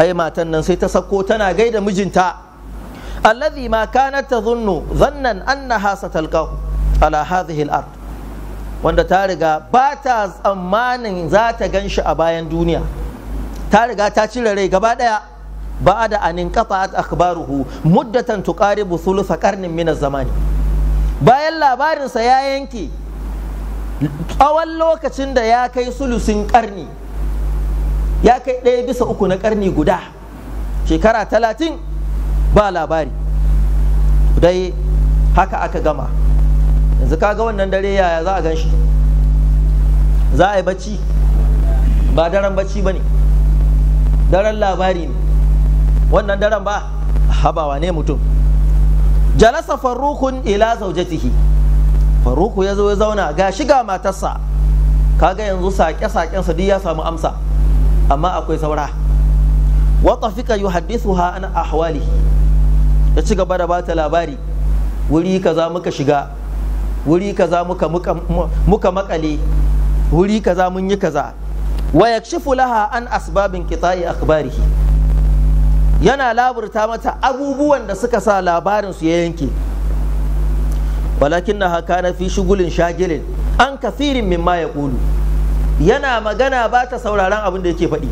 ai matan nan sai ta sako tana gaida mijinta alladhi ma kanat tadhunnu dhannan annaha satalqahu ala hadhihi al-ard wanda ta riga ba ta tsammanin za ta gan shi a bayan duniya ta riga ta cire rai gaba ɗaya. ba da anin qata'at akhbaruhu muddatan tuqaribu thuluth qarnin min az-zamani bayan labarinsa ya yanke tsawon lokacin da ya kai sulusin karni ya kai ɗaya bisa uku na karni guda shekara talatin ba labari dai haka aka gama yanzu kaga wannan dare yaya za a gan shi za a yi bacci ba daren bacci ba ne daren labari ne wannan daren ba habawa ne mutum jalasa farukun ila zaujatihi faruku ya zo ya zauna ga shiga matarsa kaga yanzu saƙe-saƙensa duk ya samu amsa amma akwai saura wa tafika yuhaddithuha an ahwalihi ya ci gaba da bata labari wuri kaza muka shiga wuri kaza muka muka makale wuri kaza mun yi kaza wa yakshifu laha an asbabin qita'i akhbarihi yana laburta mata abubuwan da suka sa labarin su ya yanke walakin na kana fi shugulin shagilin an kafirin mimma ya kulu yana magana ba ta sauraron abin da yake faɗi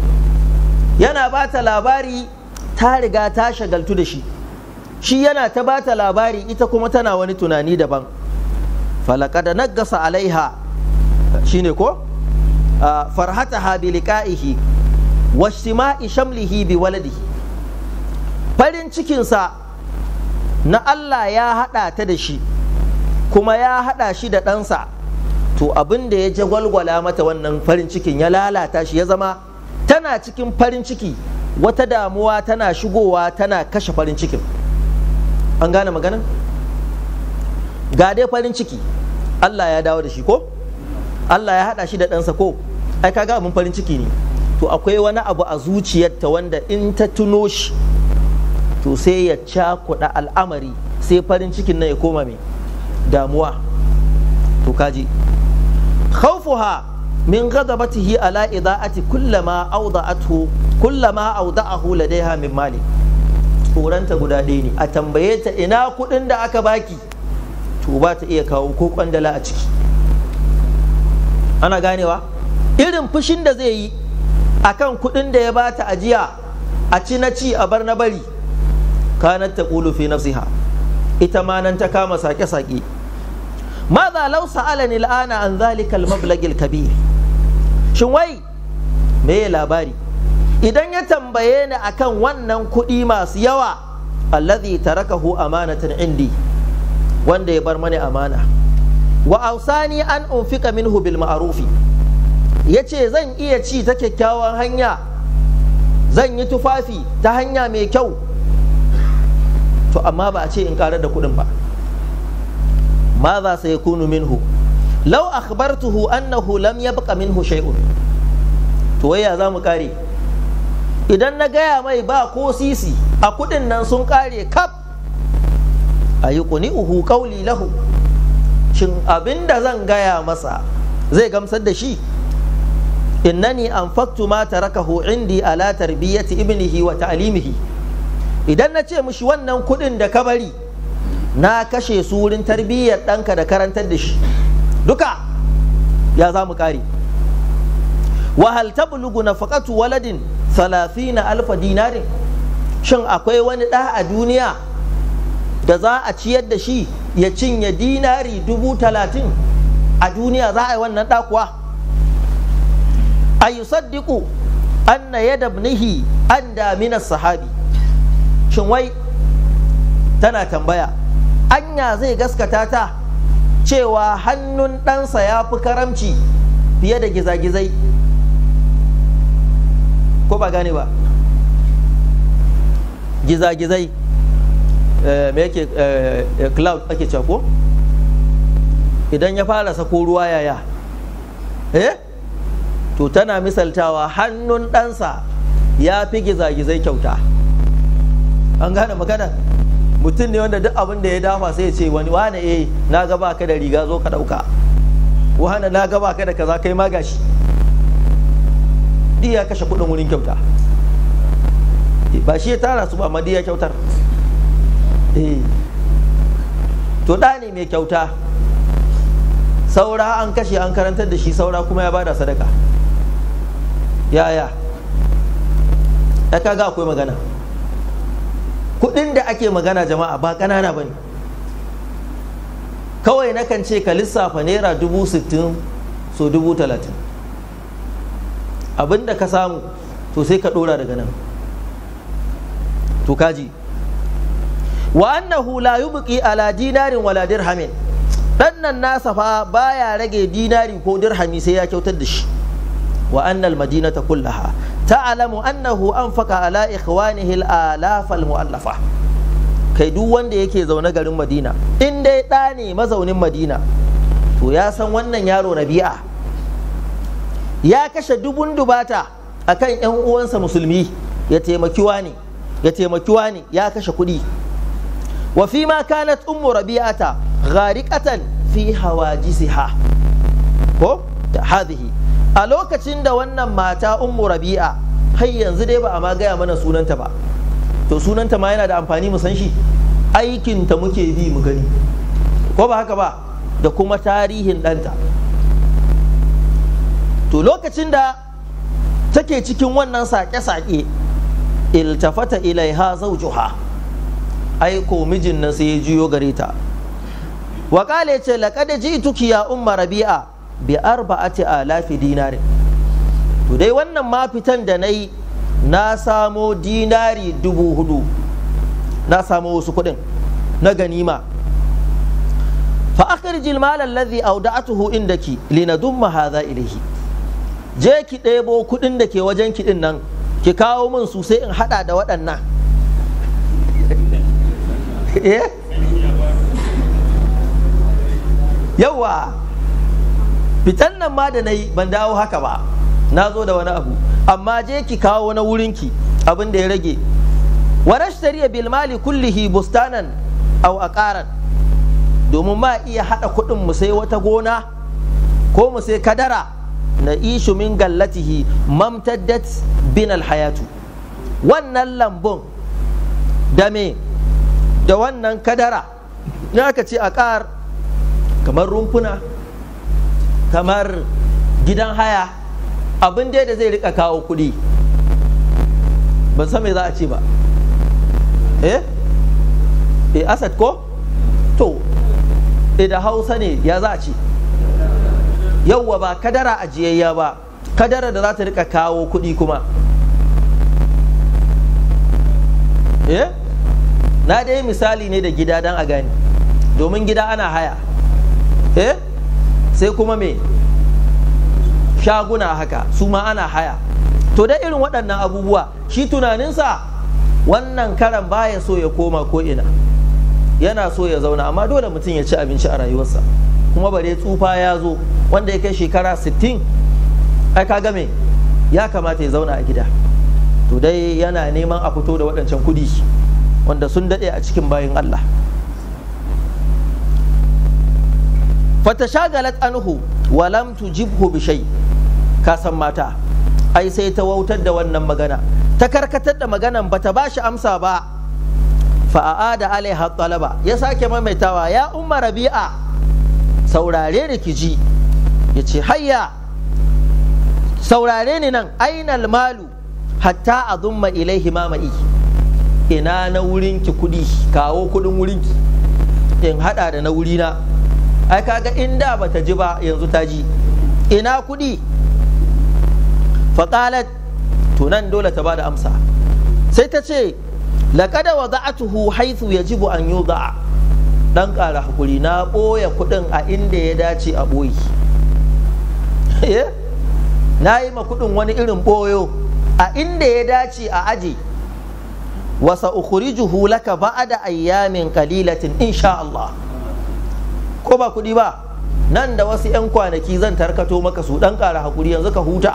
yana ba ta labari ta riga ta shagaltu da shi shi yana ta bata labari ita kuma tana wani tunani daban da naggasa alaiha shine ko ha bi liqa'ihi wa ishtima'i shamlihi bi waladihi farin cikinsa na Allah ya haɗa ta da shi kuma ya haɗa shi da ɗansa to abin da ya jagwalgwala mata wannan farin cikin ya lalata shi ya zama tana cikin farin ciki wata damuwa tana shigowa tana kashe farin cikin an gane magana ga dai farin ciki Allah ya dawo da shi ko Allah ya hada shi da ɗansa ko ai kaga abin farin ciki ne to akwai wani abu a zuciyarta wanda in ta tuno shi to sai ya cakuɗa al'amari sai farin cikin nan ya koma mai damuwa to kaji khawfuha min ghadabatihi ala ida'ati kullama awda'athu kullama awda'ahu ladaiha min malik koranta guda ɗaya ne a tambaye ta ina kuɗin da aka baki to ba ta iya kawo ko kwandala a ciki ana ganewa irin fushin da zai yi a kan kuɗin da ya bata ajiya a ci na ci a bar na bari kanar ta fi nafsiha ita ma nan ta kama sake-sake maza lau sa'alani la'ana an zalikal mablagil kabir shin wai me ya labari idan ya tambaye ni akan wannan kuɗi masu yawa allazi tarakahu amanatan indi wanda ya bar mani amana wa ausani an unfika minhu bil ma'rufi yace zan iya ci ta kyakkyawan hanya zan yi tufafi ta hanya mai kyau to amma ba a ce in karar da kuɗin ba ma za sai kunu minhu law akhbartuhu annahu lam yabqa minhu shay'un to waya za mu kare idan na gaya mai ba ko sisi a kudin nan sun kare kaf a yi kuni uhu kauli lahu shin abinda zan gaya masa zai gamsar da shi innani an faktu ma tarakahu indi ala tarbiyyati ibnihi wa ta'limihi idan na ce mishi wannan kudin da ka bari na kashe su wurin tarbiyyar ɗanka da karantar da shi duka ya za mu kare wahal tablugu nafaqatu waladin thalathina alfa dinarin shin akwai wani ɗa a duniya da za a ciyar da shi ya cinye dinari dubu talatin a duniya za a yi wannan ɗa a yi saddiku an na yada nihi an damina sahabi shin wai tana tambaya anya zai gaskata ta cewa hannun ɗansa ya fi karamci fiye da gizagizai ko ba gane ba gizagizai eh, me yake eh, eh, cloud ake cewa idan ya fara sako ruwa yaya eh to tana misaltawa hannun ɗansa ya fi gizagizai kyauta an gane magana mutum ne wanda duk abin da ya dafa sai ya ce wani wane eh na gaba ka da riga zo ka ɗauka wane na gaba ka da kaza kai ma gashi duk ya kashe kudin wurin kyauta eh, ba shi ya tara su ba amma duk ya kyautar eh, to da ne mai kyauta saura an kashe an karantar da shi saura kuma ya bada sadaka yaya ya kaga akwai magana kudin da ake magana jama'a ba ƙanana ba ne kawai nakan ce ka lissafa naira dubu sittin so dubu talatin abin da ka samu to sai ka ɗora daga nan to kaji wa annahu la yubqi ala dinarin wala dirhamin dan nan nasa fa baya rage dinari ko dirhami sai ya kyautar da shi wa annal madinata kullaha ta'lamu annahu anfaqa ala ikhwanihi al-alaf al-mu'allafa kai duk wanda yake zaune garin madina in dai ɗa ne mazaunin madina to ya san wannan yaro rabi'a ya kashe dubun dubata a kan yan uwansa musulmi ya taimaki wani ya taimaki wani ya kashe kuɗi wa fi ma kanat ummu rabi'ata gharikatan fi hawajisiha ko ta hadhihi a lokacin da wannan mata ummu rabi'a har yanzu dai ba a ma gaya mana sunanta ba to sunanta ma yana da amfani mu san shi aikinta muke bi mu gani ko ba haka ba da kuma tarihin ɗanta to lokacin da take cikin wannan sake-sake iltafata ilaiha zaujuha aiko mijin nan sai ya juyo gare ta wa kale ce ji tuki ya umma rabi'a bi arba'ati alafi dinari to dai wannan ma fitan da na yi na samo dinari dubu hudu na samo wasu kuɗin na ganima fa akhrijil mal alladhi awda'atuhu indaki linadumma hadha ilayhi je ki ɗebo kuɗin da ke wajen kiɗin nan ki kawo min su sai in haɗa da waɗannan eh? Yawwa, fitan nan ma da na yi ban dawo haka ba na zo da wani abu amma je ki kawo na wurinki abin da ya rage warashtariya bil mali kullihi bustanan aw aqaran domin ma iya haɗa kuɗin mu sai wata gona ko mu sai kadara na ishu min gallatihi mamtaddat bin alhayatu wannan lambun da me da wannan kadara na aka ce a ƙar kamar rumfuna kamar gidan haya abin dai da zai rika kawo kuɗi ban san me za a ce ba eh eh asad ko to eh, da hausa ne ya za a ce yauwa ba kadara ajiyayya ba kadara da za ta rika kawo kuɗi kuma eh? na dai misali ne da gida don a gani domin gida ana haya eh? sai kuma me shaguna haka su ma ana haya to da irin waɗannan abubuwa shi tunaninsa wannan karan baya so ya koma ko ina yana so ya zauna amma dole mutum ya ci abinci a rayuwarsa kuma bare tsufa ya zo wanda ya kai shekara 60 ai ka me ya kamata ya zauna a gida to dai yana neman a fito da waɗancan kuɗi wanda sun daɗe a cikin bayan Allah shagalat anhu wa lam tujibhu bi shay ka san mata ai sai ta wautar da wannan magana ta karkatar da maganan ba ta bashi amsa ba da alaiha talaba ya sake maimaitawa ya umma rabi'a saurare da ki ji ya ce hayya saurare ni nan ainal malu hatta a zumma ilaihi mama'i ina na wurinki kudi kawo kudin wurinki in hada da na wurina ai kaga inda bata ji ba yanzu ta ji ina kudi faƙalat tunan dole ta ba da amsa sai ta ce laƙada wa za'atuhu haithu yajibu an yi za'a dan ƙara hakuri na ɓoye kuɗin a inda ya dace a ɓoyi eh? na yi ma kuɗin wani irin ɓoyo a inda ya dace a aji wasa ukhrijuhu laka ba'da ayyamin qalilatin insha Allah ko ba kuɗi ba nan da wasu 'yan kwanaki zan tarkato maka su dan ƙara hakuri yanzu ka huta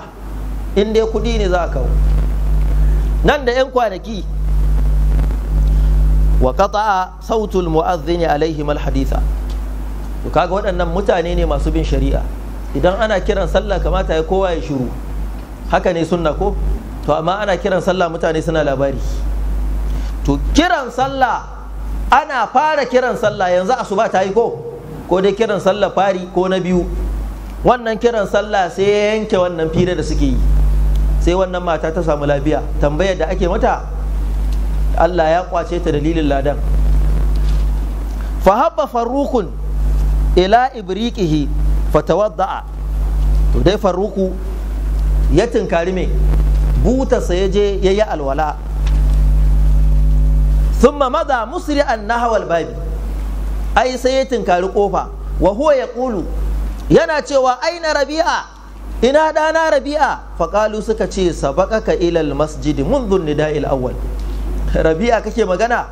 in dai kuɗi ne za ka kawo nan da 'yan kwanaki wa qata'a sautul mu'adhdhin alaihim alhaditha to kaga waɗannan mutane ne masu bin shari'a idan ana kiran sallah kamata ya kowa ya shiru haka ne sunna ko to amma ana kiran sallah mutane suna labari to kiran sallah ana fara kiran sallah yanzu asuba ta yi ko ko dai kiran sallah fari ko na biyu wannan kiran sallah sai ya yanke wannan fira da suke yi sai wannan mata ta samu lafiya tambayar da ake mata Allah ya kwace ta dalilin ladan fahabba farukun ila ibriqihi fatawadda'a to dai faruku ya tinkari me butarsa ya je yayi yi alwala thumma maza musri an nahawal babi ai sai ya tinkari kofa wa huwa ya yana cewa aina rabi'a ina ɗana rabi'a faƙalu suka ce sabaka ka ilal masjidi munzun nida'il awwal rabi'a kake magana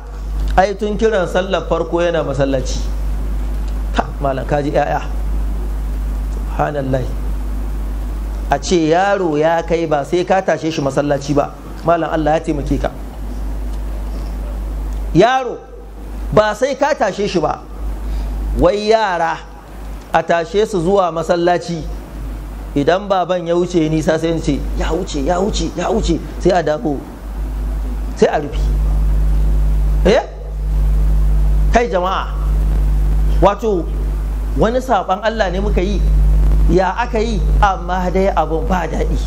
ai tun kiran sallar farko yana masallaci ha malam kaji ya'ya subhanallah a ce yaro ya kai ba sai ka tashe shi masallaci ba malam Allah ya taimake ka yaro ba sai ka tashe shi ba wai yara a tashe su zuwa masallaci idan baban ya wuce nisa sai ya wuce ya wuce ya wuce sai a dako sai a rufi eh kai jama'a wato wani saɓon Allah ne muka yi ya aka yi amma dai abun ba daɗi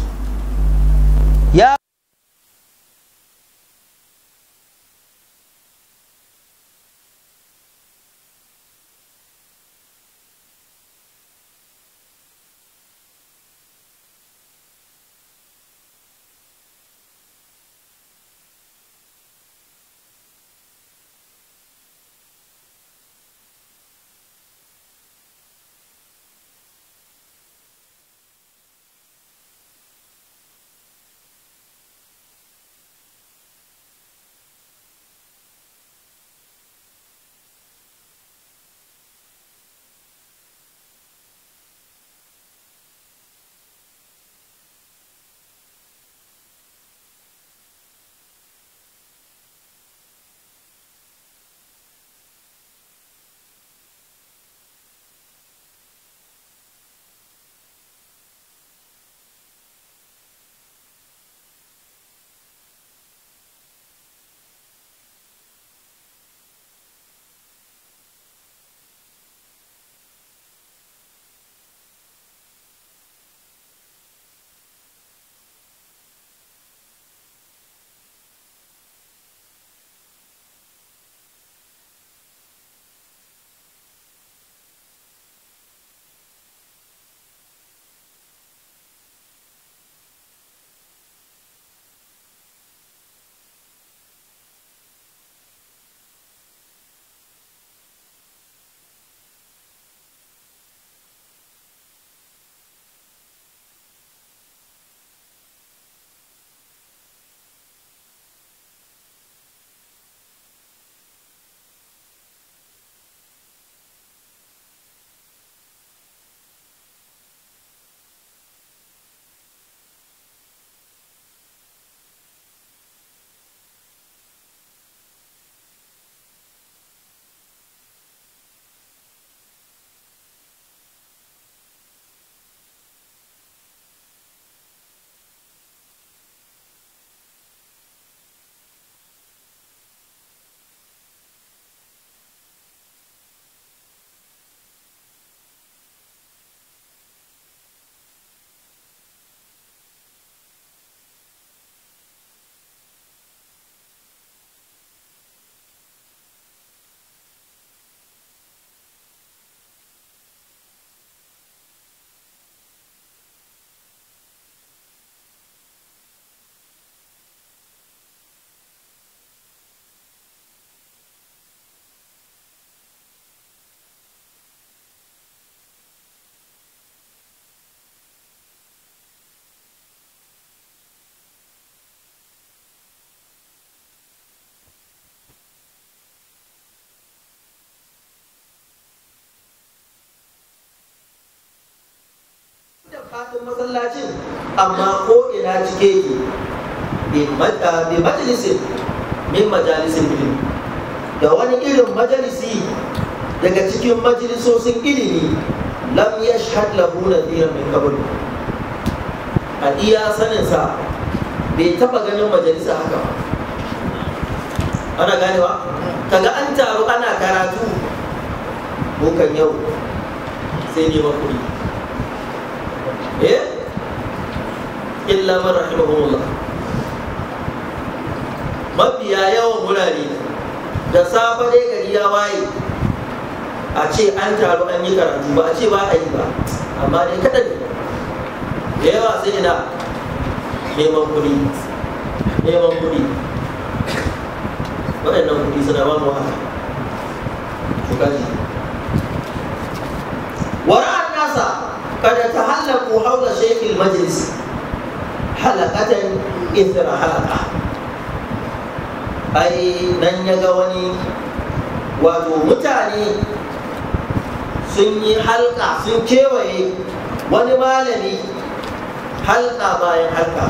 masallacin amma ko ina cike yake bi majalisin min majalisin ilimi da wani irin majalisi daga cikin majalisosin ilimi lam ya lahu nadiran min qabl a iya sanin sa bai taba ganin majalisa haka ba ana ganewa kaga an taru ana karatu bukan yau sai ne makuri eh illa man rahimahumullah mafiya yawan wurare da safe dai gari ya waye a ce an taru an yi karatu ba a ce ba a yi ba amma dai kaɗan da yawa sai ina neman kuɗi neman kuɗi waɗannan kuɗi suna ba mu haka shugaji wara'an nasa kada ta hallaku haula shekin majalis halakatan isra halaka ai nan ya ga wani wato mutane sun yi halka sun kewaye wani malami halka bayan halka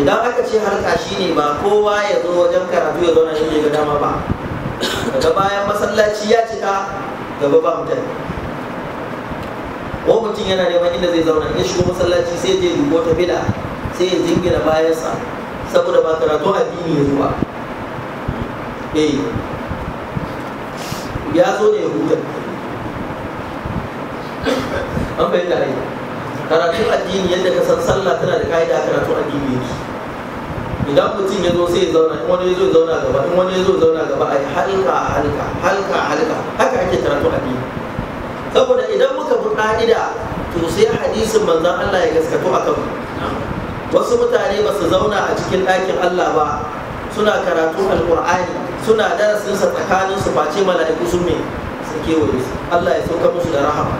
idan aka ce halka shine ba kowa ya zo wajen karatu ya zauna inda ga dama ba daga bayan masallaci ya cika gaba ba mutane ko mutum yana neman inda zai zauna in shigo masallaci sai je dubo ta fila sai ya jingina bayansa saboda ba karatu addini ya zuwa eh ya zo da yahuda an da ne karatu addini yadda ka san sallah tana da ka'ida karatu addini yake idan mutum ya zo sai ya zauna in wani ya zo ya zauna gaba in wani ya zo ya zauna gaba a yi halka halka halka halka haka ake karatu addini saboda idan muka bi ka'ida to sai hadisin manzan Allah ya gaskato a kanmu wasu mutane ba su zauna a cikin ɗakin Allah ba suna al alƙur'ani suna darasinsa tsakanin su face mala'iku sun me su kewaye su Allah ya sauka musu da rahama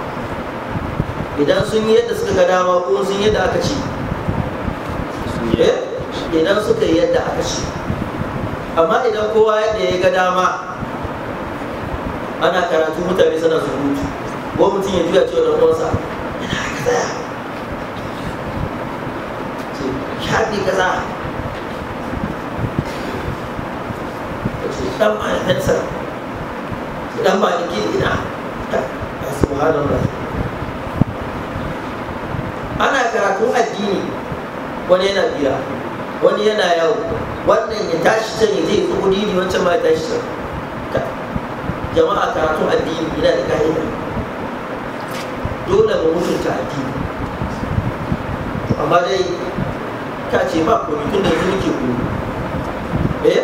idan sun yi yadda suka ga dama ko sun yi yadda aka ce eh, idan suka yi yadda aka ci, amma idan kowa yadda ya ga dama ana karatu mutane suna surutu ko mutum ya juya cewa da uwansa yana haka shafi kaza dan ya hansa dan ma su ina ba. ana karatu addini wani yana biya wani yana yawo wannan ya tashi can ya zai ya ne wancan ma ya tashi can jama'a karatu addini yana da ka'ida dole mu mutunta addini amma dai ka ce ba komi tun da yanzu muke komi eh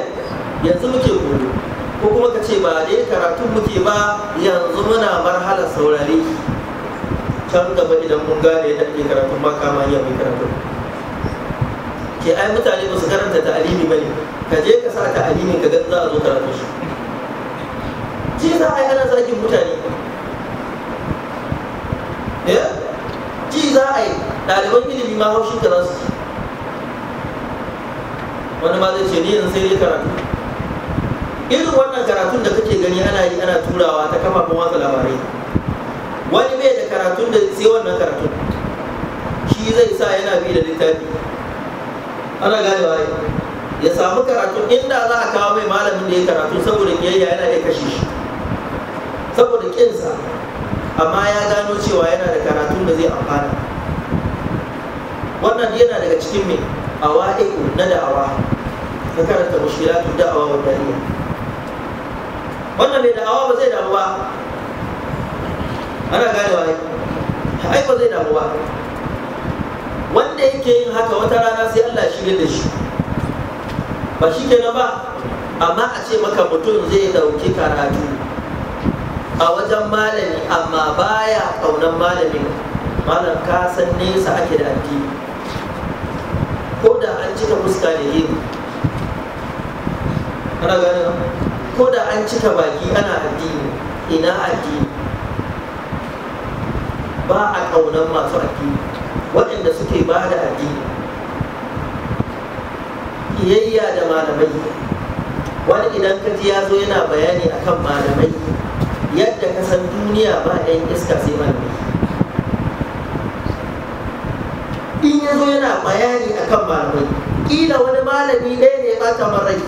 yanzu muke komi ko kuma ka ce ba dai karatun muke ba yanzu muna marhala saurare can gaba idan mun gane yadda ake karatun ba kama yin mai karatun ke ai mutane ba su karanta alimi ba ne ka je ka sa ta'alimin ka ga za a zo karatun shi ji za a yi ana zagin mutane eh? ji za a yi ɗaliban ilimi ma haushin ka za su wani ma zai ce ni yanzu sai dai karatu irin wannan karatun da kake gani ana yi ana turawa ta kafafen watsa labarai wani bai da karatun da sai wannan karatun shi zai sa yana bi da littafi ana ganewa ya samu karatun inda za a kawo mai malamin da ya karatu saboda kiyayya yana da kashe shi saboda kinsa amma ya gano cewa yana da karatun da zai amfana wannan yana daga cikin mai awai'u na da'awa ka karanta mushkilatu da'awa wa da'iyya wannan mai da'awa ba zai damu ba ana ganewa ne ai ba zai damu ba wanda yake yin haka wata rana sai Allah shi da shi ba shi kenan ba amma a ce maka mutum zai dauki karatu a wajen malami amma baya kaunan malamin malam ka san nesa ake da addini ko da an cika fuska da yin ana ko da an cika baki ana addini ina addini ba a kaunar masu addini waɗanda suke ba da addini iyayya da malamai wani idan ka ya zo yana bayani akan malamai yadda ka san duniya ba 'yan iska sai malamai in ya zo yana bayani akan malamai Ƙila wani malami ɗaya ne ya ɓata marai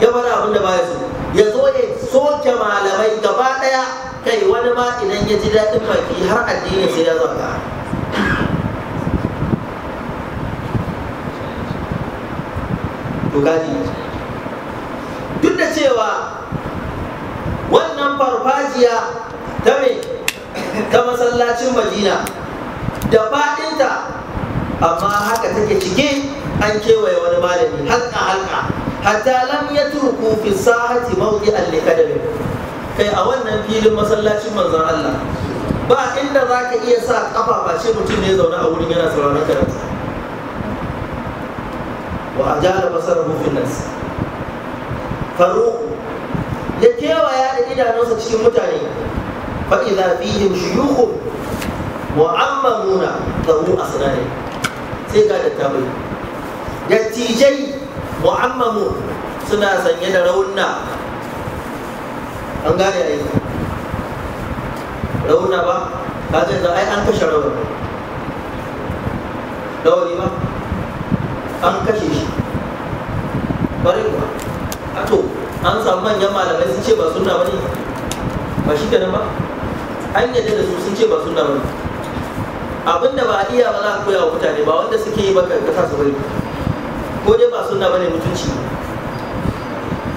ya bar abin da ba ya so ya zo ya soke malamai gaba ɗaya kai wani ma idan ya ji daɗin baki har addini sai ya zanga to duk da cewa wannan farfajiya ta mai ta masallacin madina da faɗinta amma haka take cike an kewaye wani malami halka halka hatta lam ya turku fi sahati mawdi al kai a wannan filin masallacin manzon Allah ba inda zaka iya sa kafa ba ce mutum ne zaune a wurin yana sauraron karatu wa ajala basarahu fi nas faru ya kewaya da idanunsa cikin mutane فإذا فيهم شيوخ mu'ammamuna lahu asnani sai ga dattabai dattijai mu'ammamu suna sanye da raunna an gane ai raunna ba ka ce da an kashe rauni rauni ba an kashe shi bari kuwa ato an samu manyan malamai sun ce ba suna ba ne ba shi kenan ba an yadda da su sun ce ba sunna bane abinda ba a iya ba za a koya wa mutane ba wanda suke yi ba ka kasa su bari ko dai ba sunna bane mutunci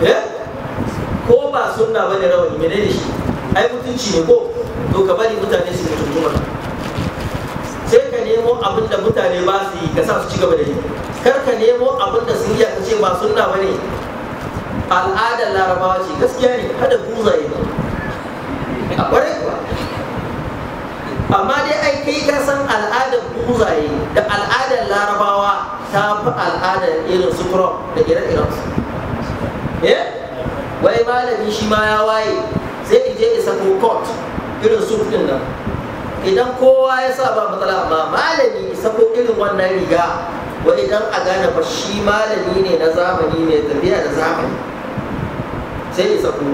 ne eh? ko ba sunna bane rawani menene shi ai mutunci ne ko to ka bari mutane su mutuntu mana sai ka nemo abin da mutane ba su yi ka sa su ci gaba da yi kar ka nemo abin da sun iya ka ce ba sunna bane al'adar larabawa ce gaskiya ne hada buzaye a kwarai amma dai ai kai ka san al'adar buzaye da al'adar larabawa ta fi al'adar irin su crop da ire-iren su eh wai malami shi ma ya waye sai in je isa ko court irin su din nan idan kowa ya sa ba matsala amma malami isa ko irin wannan riga wai idan a gane ba shi malami ne na zamani ne tafiya da zamani sai isa ko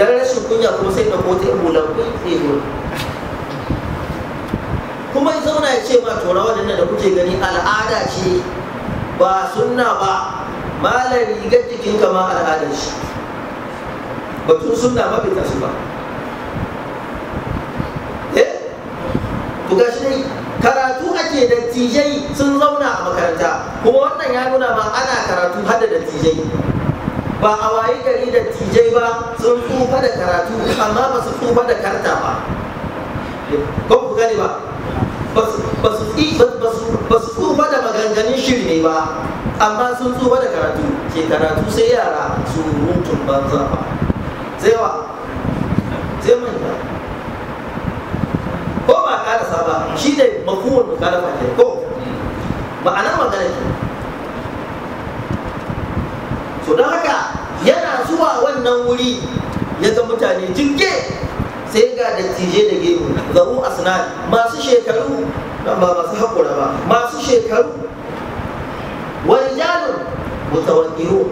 dan rashin kunya ko sai na ko in bulan ko sai kuma ya zauna ya ce ma tora waɗannan da kuke gani al'ada ce ba sunna ba malar rigar jikin kama al'adar shi batun sunna ba bai tasu ba eh to gashi karatu ake dattijai sun zauna a makaranta kuma wannan ya nuna ma ana karatu har da dattijai ba a wayi gari da tijai ba sun tsufa da karatu amma ba su tsufa da karta ba ko ku gani ba ba su tsufa da maganganun shirme ba amma sun tsufa da karatu ke karatu sai yara su rutun banza ba sai wa sai manya ko ba karasa ba shi ne mafuwar mukalafa ne ko ma'ana magana ke so don haka yana zuwa wannan wuri ya ga mutane jirge sai ga dattijai da gemu zaru asnan masu shekaru ba masu haƙura ba masu shekaru wa rijalun mutawakkiru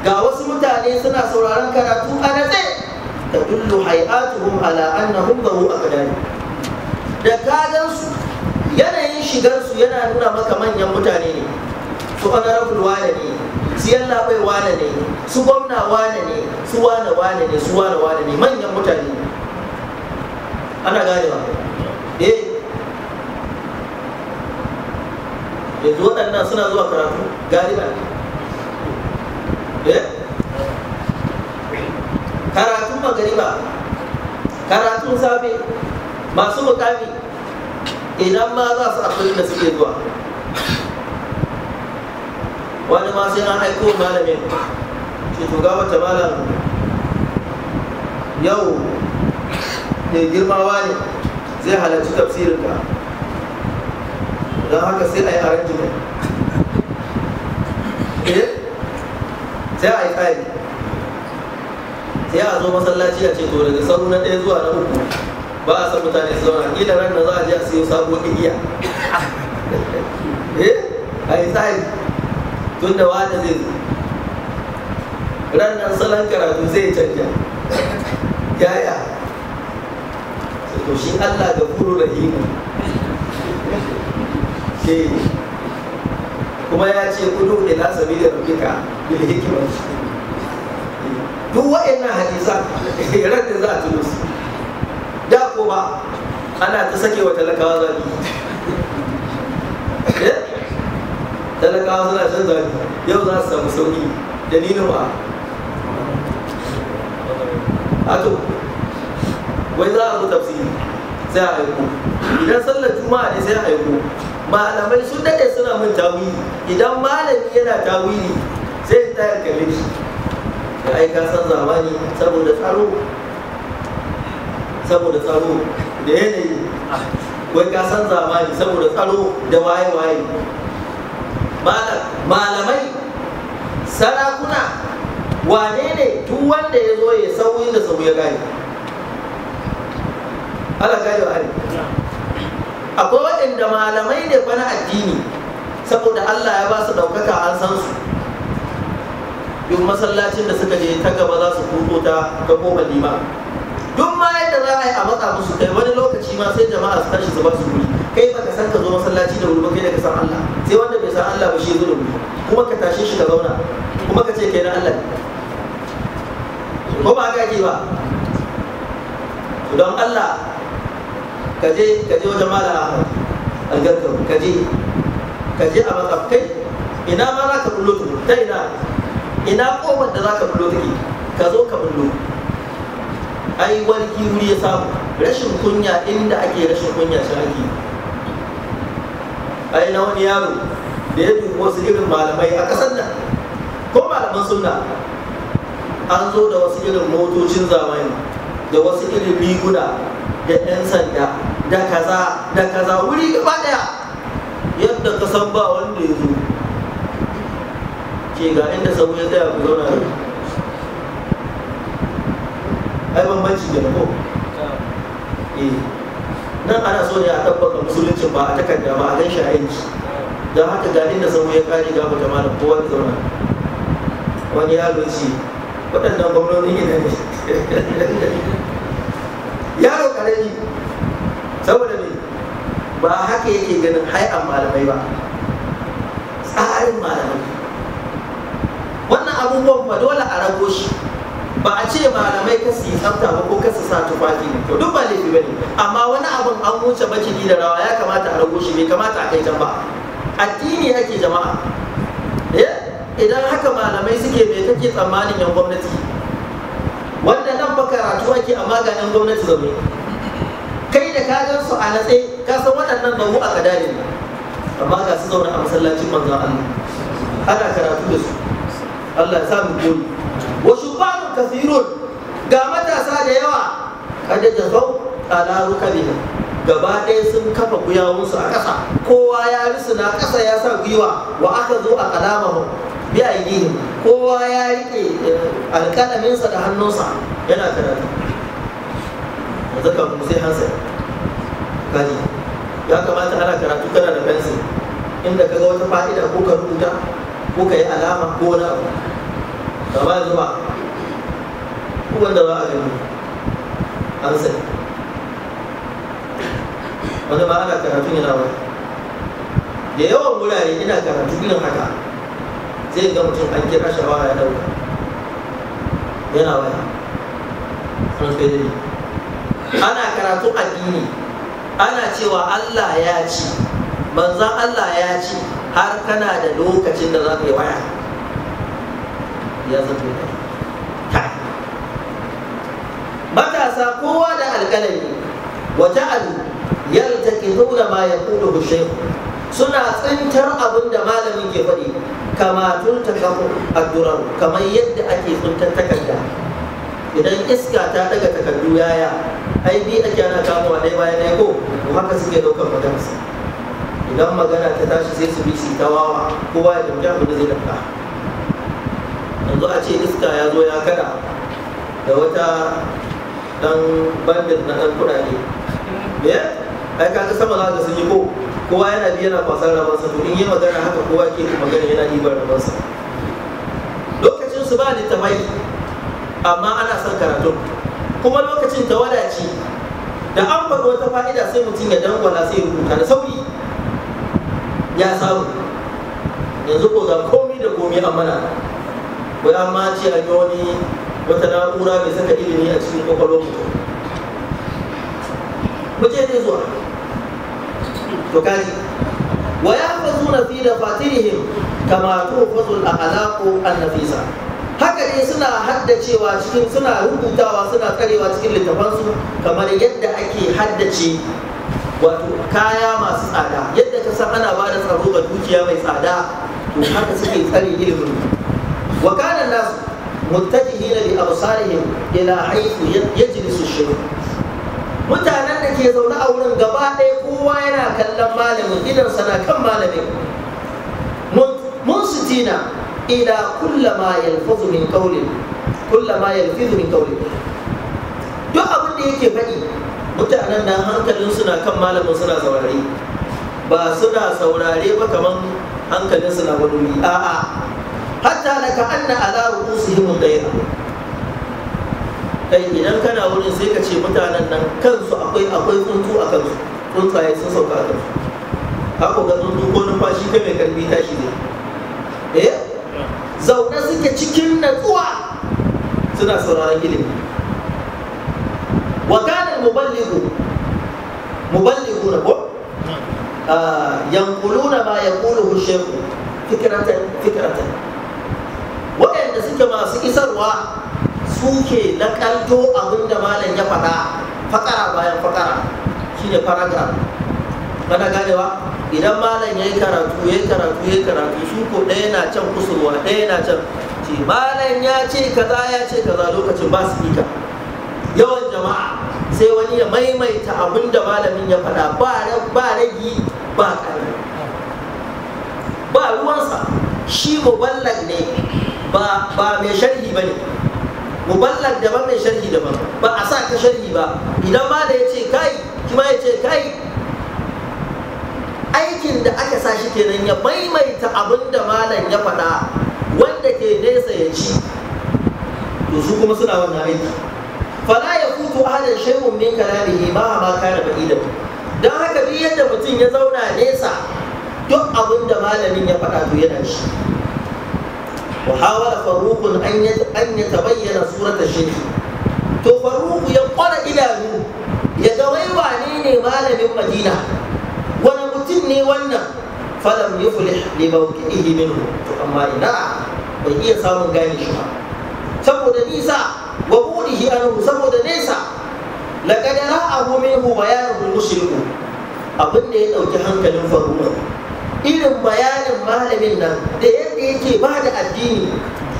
ga wasu mutane suna sauraron karatu a natse ta dullu hay'atuhum ala annahum zaru aqdari da kagan su yanayin shigar su yana nuna maka manyan mutane ne su honorable wane ne su yalla bai wane ne su gwamna wane ne su wane wane ne su wane wane ne manyan mutane ne ana ganewa eh yanzu waɗannan suna zuwa karatu galiba eh karatun magariba karatun safe masu mukami idan ma za su akwai da suke zuwa wani ma sai an aiko malamin ce to ga wata malamin yau mai girmawa ne zai halarci tafsirin ka don haka sai a yi arrangement eh sai a yi tsari sai a zo masallaci a ce to daga sauru na ɗaya zuwa na uku ba a san mutane su zauna ƙila ran da za a je a siyo sabuwar igiya eh a yi tsari tun da wani zai zo ran nan salon karatu zai canja yaya to shi Allah da furu rahimu ke kuma ya ce kudu ila sabi da rubika bil hikima duk wa'annan hadisa ran da za a tuno su da kuma ana ta sake wa talakawa zabi eh? talakawa suna shan zabi yau za su samu sauki dalilin ba a to wai za a zo tafsiri sai a aiko idan sallar juma'a ne sai a aiko malamai sun dade suna min tawili idan malami yana tawili sai ya tayar kalle shi da ai ka san zamani saboda tsaro saboda tsaro da yanayi wai ka san zamani saboda tsaro da waye-waye malamai sarakuna wane ne duk wanda ya zo ya sauyi da sauyi ya gani Allah ta yi hari akwai waɗanda malamai ne fa na addini saboda Allah ya ba su ɗaukaka an san su duk masallacin da suka je ta gaba za su kuto ta ga goma lima duk ma yadda za a yi a matsa musu kai wani lokaci ma sai jama'a su tashi su ba su wuri kai ba ka san ka zo masallaci da wuri ba kai da ka san Allah sai wanda bai san Allah ba shi zo da wuri kuma ka tashe shi ka zauna kuma ka ce kai na Allah ko ba ka ba don Allah Kaje kaje wajen malam ahmad kaje kaje a ina ma za ka bullo ta ta ina ina kowar da za ka bullo ke ka zo ka bullo ai warki wuri ya samu rashin kunya inda ake rashin kunya shi ake ai na wani yaro da ya dubi wasu irin malamai a ƙasar nan ko malaman sunna an zo da wasu irin motocin zamani da wasu irin riguna da 'yan sanda da kaza da kaza wuri gaba daya yadda ka san ba wanda ya zo ke ga inda sabu ya tsaya ku zauna ne ai bambanci da ko eh nan ana so ne a tabbata musulunci ba a takarda ba a gan shi a yanki don haka ga inda sabu ya kare ga mu jama'a kowa ya zauna wani yaro ce waɗannan gwamnoni ne yaro karami saboda ne ba haka yake ganin hai'an malamai ba tsarin malamai wannan abubuwan ba dole a rago shi ba a ce malamai ka su yi tsafta ba ko ka su sa tufafi ne to duk ba laifi ba ne amma wani abun an wuce bacini da rawa ya kamata a rago shi bai kamata a kai can ba addini yake jama'a eh? idan haka malamai suke mai kake tsammanin yan gwamnati wanda nan ba karatu ake amma ga yan gwamnati zaune kai da ka gan su a natse ka san waɗannan da mu a kadari ne amma ga su zauna a masallacin manzon Allah ana karatu da su Allah ya samu gori wa shubanun kasirun ga matasa da yawa kada a laruka ne gaba ɗaya sun kafa guyawunsu a ƙasa kowa ya na ƙasa ya sa gwiwa wa aka zo a kalamahu bi aidihim kowa ya riƙe eh, alƙalaminsa da hannunsa yana karatu mazaka kuma sai hansa kaji ya kamata ana karatu kana da fensil inda ka ga wata fa'ida ko ka rubuta ko ka yi alama ko wani abu amma yanzu ba ko wanda ba a gani an wanda ba ana karatu yana wani da yawan wurare ina karatu irin haka zai ga mutum an kira shawara ya dauka yana waya sun sai dai ana karatun addini ana cewa Allah ya ci manzan Allah ya ci har kana da lokacin da za ka yi waya ya zato matasa kowa da alƙalami wata alu yaltaki zaura ma ya kudu bushe suna tsintar abin da malamin ke faɗi kamatun ta kamar yadda ake tsintar takarda idan iska ta daga takardu yaya ai bi ake ana kamowa ɗaya bayan ɗaya ko haka suke ɗaukar maganarsa idan magana ta tashi sai su bi su ta wawa kowa ya ɗauki abin da zai ɗauka yanzu a ce iska ya zo ya kada da wata ɗan bandit na ɗan kuɗaɗe ya ai ga sama za ka sun yi ko kowa yana bi yana kwasar rabansa to in yi magana haka kowa ke magana yana ɗibar rabansa lokacin su ba littafai amma ana son karatu kuma lokacin tawada ce da an faɗi wata fa'ida sai mutum ya dangwala sai rubuta da sauri ya samu yanzu ko ga komi da komi a mana wai amma ce a yi wani wata na'ura mai saka ilimi a cikin kwakwalwar mutum muje ne zuwa to kaji wa na fi da dafatirihim kama a akhlaqu an-nafisa haka ne suna haddacewa cikin suna rubutawa suna tsarewa cikin littafansu kamar yadda ake haddace wato kaya masu tsada yadda ka san ana ba da tsaro ga dukiya mai tsada to haka suke tsare ilimin wa kana nasu muttajihina li absarihim ila haythu yajlisu shaykh mutanen da ke zaune a wurin gaba ɗaya kowa yana kallon malamin idan sana kan malamin mun sitina ila kullama yalfazu min qawlin kullama yalfazu min qawlin duk abin da yake faɗi mutanen nan hankalin suna kan malamin suna saurare ba suna saurare ba kaman hankalin suna wani a'a hatta laka anna yi ru'usihim ghayra kai idan kana wurin sai ka ce mutanen nan kansu akwai akwai tuntu a kansu tsuntsaye sun sauka a kansu haka ga tuntu ko numfashi kai mai karfi tashi ne eh zaune suke cikin natsuwa suna sauraron ilimi wa kana muballighu muballighu na ko hmm. ah, yanquluna ma yaquluhu shaykhu fikratan fikratan waɗanda suke masu isarwa suke na nakalto abinda malam ya faɗa fakara bayan fakara shine paragraph gane ba idan malam ya yi karatu ya yi karatu ya yi karatu su ko ɗaya na can kusurwa ɗaya na can ce malam ya ce kaza ya ce kaza lokacin ba su ika yawan jama'a sai wani ya maimaita abin da malamin ya faɗa ba ragi ba ƙari ba ruwansa shi muballan ne ba mai sharhi ba ne muballan daban mai sharhi daban ba a sa ka sharhi ba idan ma da ya ce kai kima ya ce kai aikin da aka sa shi kenan ya maimaita abin da malam ya faɗa wanda ke nesa ya ci to su kuma suna wannan aiki fala ya kutu ahadan shay'un min kalamihi ma ma kana ba'idan dan haka duk yadda mutum ya zauna nesa duk abin da malamin ya faɗa to yana shi وحاول فاروق ان ان يتبين صوره الشيخ تو فاروق يقرا الى نور يتوي وانيني مالم مدينه وانا mutum ne wannan falam yuflih li mawqi'ihi minhu to amma ina bai iya samun gane shi ba saboda nisa wa budihi anhu saboda nesa laqad ra'ahu minhu bayanul mushriku abin da ya dauki hankalin faruma irin bayanin malamin nan da yadda yake ba da addini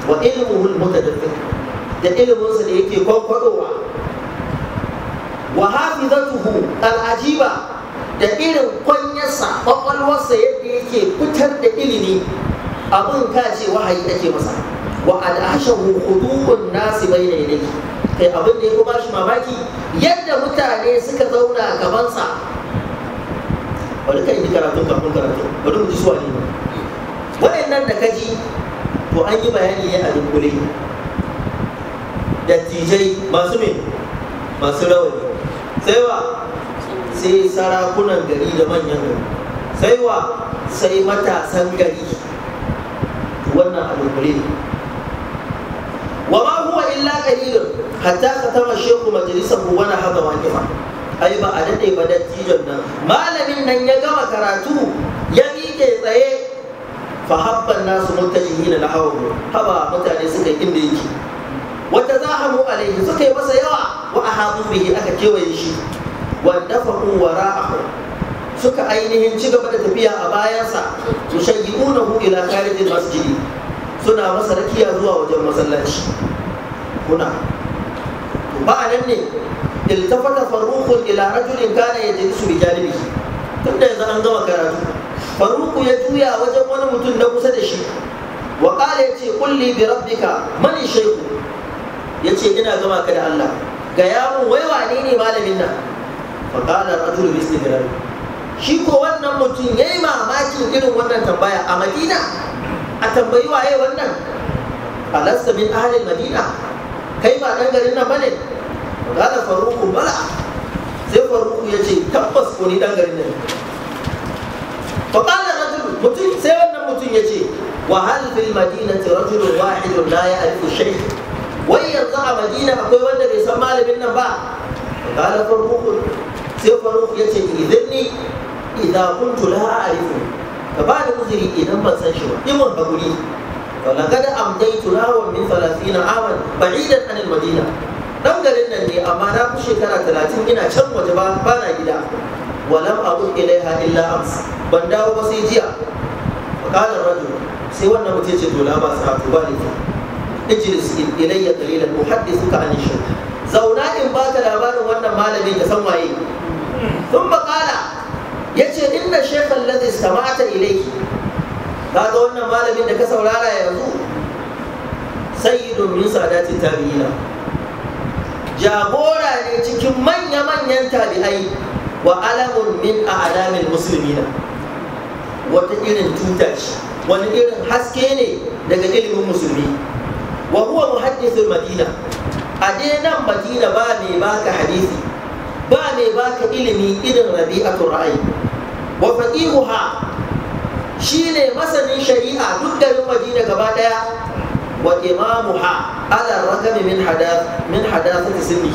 wa ilmuhul mutadaffin da ilminsa da yake kwankwadowa wa hafizatuhu al-ajiba da irin kwanyarsa kwakwalwarsa yadda yake fitar da ilimi abin ka wahayi ake masa wa al'ashahu hudubun nasi bai da yadda kai abin da ya kuma shi mamaki yadda mutane suka zauna gabansa Wani ka yi karatu kafin karatu Wani mu ji ne wani nan da ka ji to an yi bayani ne a dunkule dattijai masu me masu rawani sai wa sai sarakunan gari da manyan gari sai wa sai matasan gari wannan alubure wa ma huwa illa qalilun hatta katama shehu majalisahu wa na wani waqifa ai ba a dade ba dattijon nan malamin nan ya gama karatu ya miƙe tsaye fa habban nasu na lahawu haba mutane suka inda yake wata zahamu alaihi suka yi masa yawa wa ahadu bihi aka kewaye shi waddafahu wara'ahu suka ainihin ci gaba da tafiya a bayansa yushayyi'unahu ila kharijil masjidi suna masa rakiya zuwa wajen masallaci kuna ba nan ne iltafata faruku ila rajulin kana yajlisu bi tun tunda yanzu an gama karatu faruku ya juya wajen wani mutum na kusa da shi wa qala yace kulli bi rabbika man Ya yace ina gama ka da Allah ga yawon wai wane ne malamin nan فقال الرجل باستغراب shi ko wannan mutum ya yi mamakin irin wannan tambaya a madina a tambayi waye wannan alasta min ahalin madina kai ba ɗan garin nan bane gada faruku bala sai faruku ya ce tabbas ko ni ɗan garin nan faƙala rajul mutum sai wannan mutum ya ce wa hal fil madinati rajulun wahidun la ya'rifu shay wai yanzu a madina akwai wanda bai san malamin nan ba قال فرقوق sai faruk ya ce idan ni idan kuntu la a'rifu ka ba da idan ban san shi ba imun hakuri walaqad amdaitu lawan min 30 aman ba'idan an al-madina dan garin nan ne amma na fi shekara talatin, ina can waje ba ba na gida walam aqul ilaiha illa ams ban dawo ba sai jiya qala rajul sai wannan ce la ba sa to ba ne ijlis ilayya qalilan uhaddithuka zauna in ba ta labarin wannan malami ka san waye sun bakala ya ce inna shekhan lazi sama'ata ilaiki ka ga wannan malamin da ka saurara yanzu sayyidun min sadati tabi'ina jagora ne cikin manya-manyan tabi'ai wa alamun min a alamin musulmina wata irin tuta ce wani irin haske ne daga ilimin musulmi wa huwa muhaddisul madina a dai nan madina ba mai baka hadisi ba mai baka ilimi irin rabi'atul ra'ayi wa faqihuha shine masanin shari'a duk garin madina gaba daya wa imamuha ala rakami min hadath min hadathati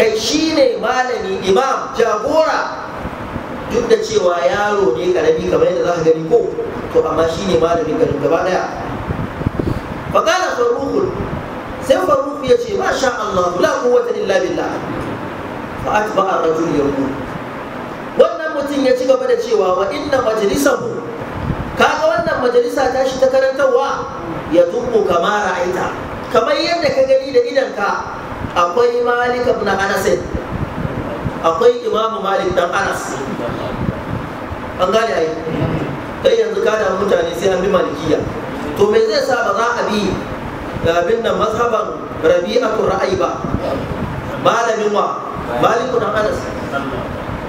kai shine malami imam jagora duk da cewa yaro ne karami kamar yadda za ka gani ko to amma shine malamin garin gaba daya faqala farruqul sai faruku ya ce masha Allah la quwwata illa billah fa atba'a ar-rajul yaqul wannan mutum ya ci gaba da cewa wa inna majlisahu kaga wannan majalisa ta shi ta karantarwa ya tuku kama ra'aita kamar yadda ka gani da idanka akwai malik ibn anas akwai imamu malik dan anas an gane ai kai yanzu ka mutane sai an bi malikiya to me zai sa ba za a bi abin da mazhaban rabi'atu ra'ayi ba malamin wa maliku na anas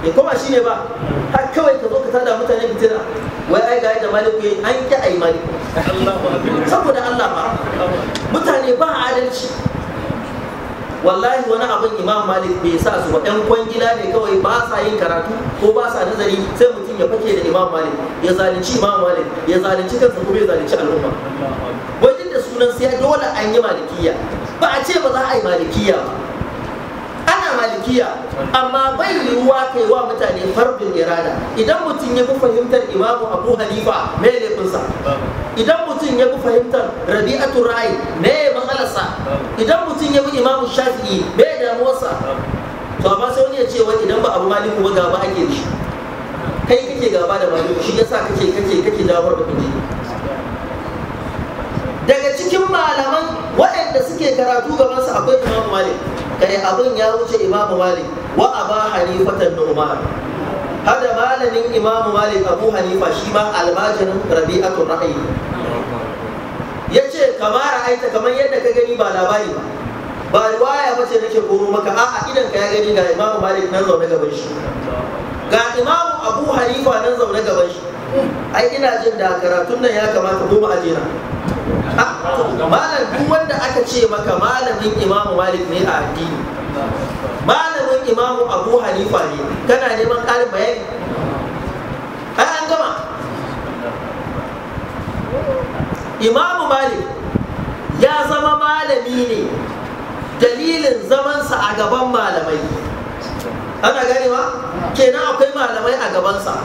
ya koma shine ba har kawai ka zo ka tada mutane fitina wai ai ga yadda maliku yayi an ki ai maliku saboda Allah ba mutane ba adalci wallahi wani abin imam malik bai sa su ba ɗan kwangila ne kawai ba sa yin karatu ko ba sa nazari sai mutum ya fake da imam malik ya zalunci imam malik ya zalunci kansa ko bai zalunci al'umma sunan sai dole an yi malikiya ba a ce ba za a yi malikiya ba ana malikiya amma bai yiwuwa kai wa mutane farbin irada idan mutum ya fi fahimtar imamu abu hanifa mai laifinsa idan mutum ya fi fahimtar rabi'atu rai mai matsalarsa idan mutum ya fi imamu shafi'i mai damuwarsa to amma sai wani ya ce wani idan ba abu maliku ba gaba ake shi kai kake gaba da maliku shi yasa kake kake kake dawo da kuɗi daga cikin malaman waɗanda suke karatu gaban su akwai Imamu Malik kare abin ya wuce Imamu Malik wa ba Hanifa tan Umar hada malamin Imamu Malik Abu Hanifa shi ma almajirin Rabi'atul Ra'i yace kama ra'aita kamar yadda ka gani ba labari ba ba riwaya mace nake koro maka a'a idan ka ya gani ga Imamu Malik nan zaune gaban shi ga Imamu Abu Hanifa nan zaune gaban shi ai ina jin da karatun nan ya kamata goma a jera malam duk wanda aka ce maka malamin imamu malik ne a addini malamin imamu abu hanifa ne kana neman ƙarin bayani ai an gama imamu malik ya zama malami ne dalilin zamansa a gaban malamai ana ganewa kenan akwai malamai a gabansa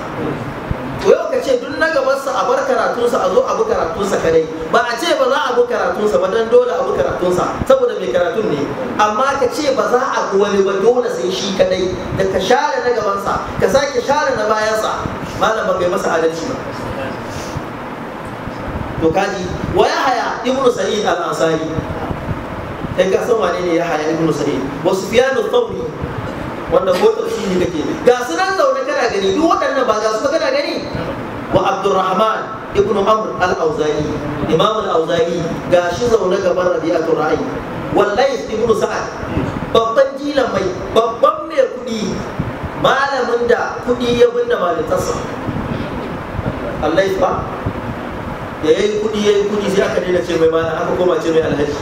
to yau ka ce duk na gabansa a bar karatunsa a zo a abu karatunsa kadai ba a ce ba za a bi karatunsa ba don dole abu karatunsa saboda mai karatun ne amma ka ce ba za a bi wani ba dole sai shi kadai da ka share na gabansa ka sake share na bayansa malam ba kai masa adalci ba to kaji wa haya ibnu sa'id al-ansari kai ka san wane ne haya ibnu sa'id wa sufyan wanda ko ne kake ga su nan zaune kana gani duk waɗannan ba za su ba kana gani wa abdurrahman ibnu amr al-auza'i imam al-auza'i ga shi zaune gaban rabi'atu ra'i wallahi ibnu sa'ad babban jilan mai babban mai kuɗi malamin da kuɗi ya binne malintarsa Allah ba da ya yi kuɗi ya yi kuɗi sai aka daina ce mai malam aka koma ce mai alhaji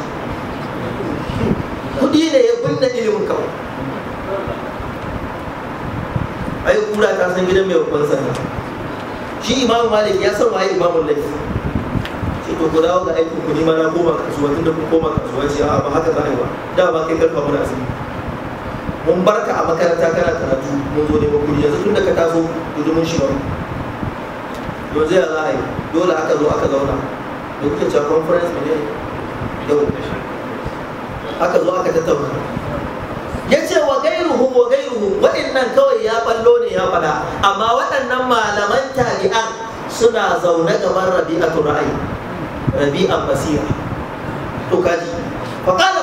kuɗi ne ya binne ilimin kawai ai kura ta san gidan mai babban sanda shi imamu malik ya san waye imamu laifi shi to ku dawo ga aikin ku ma na koma kasuwa tunda kun koma kasuwa ce a ba haka za a yi ba da ba kai karfa muna asiri mun barka a makaranta kana karatu mun zo neman kuɗi yanzu tunda ka taso yanzu mun shiga yanzu ya za a yi dole aka zo aka zauna da kuke cewa conference ne yau aka zo aka tattauna yace wa gairuhum wa gairuhum waɗannan kawai ya ballo ne ya faɗa amma waɗannan malaman tabi'an suna zaune gaban rabi'atu ra'ayi rabi'an basira to kaji fa qala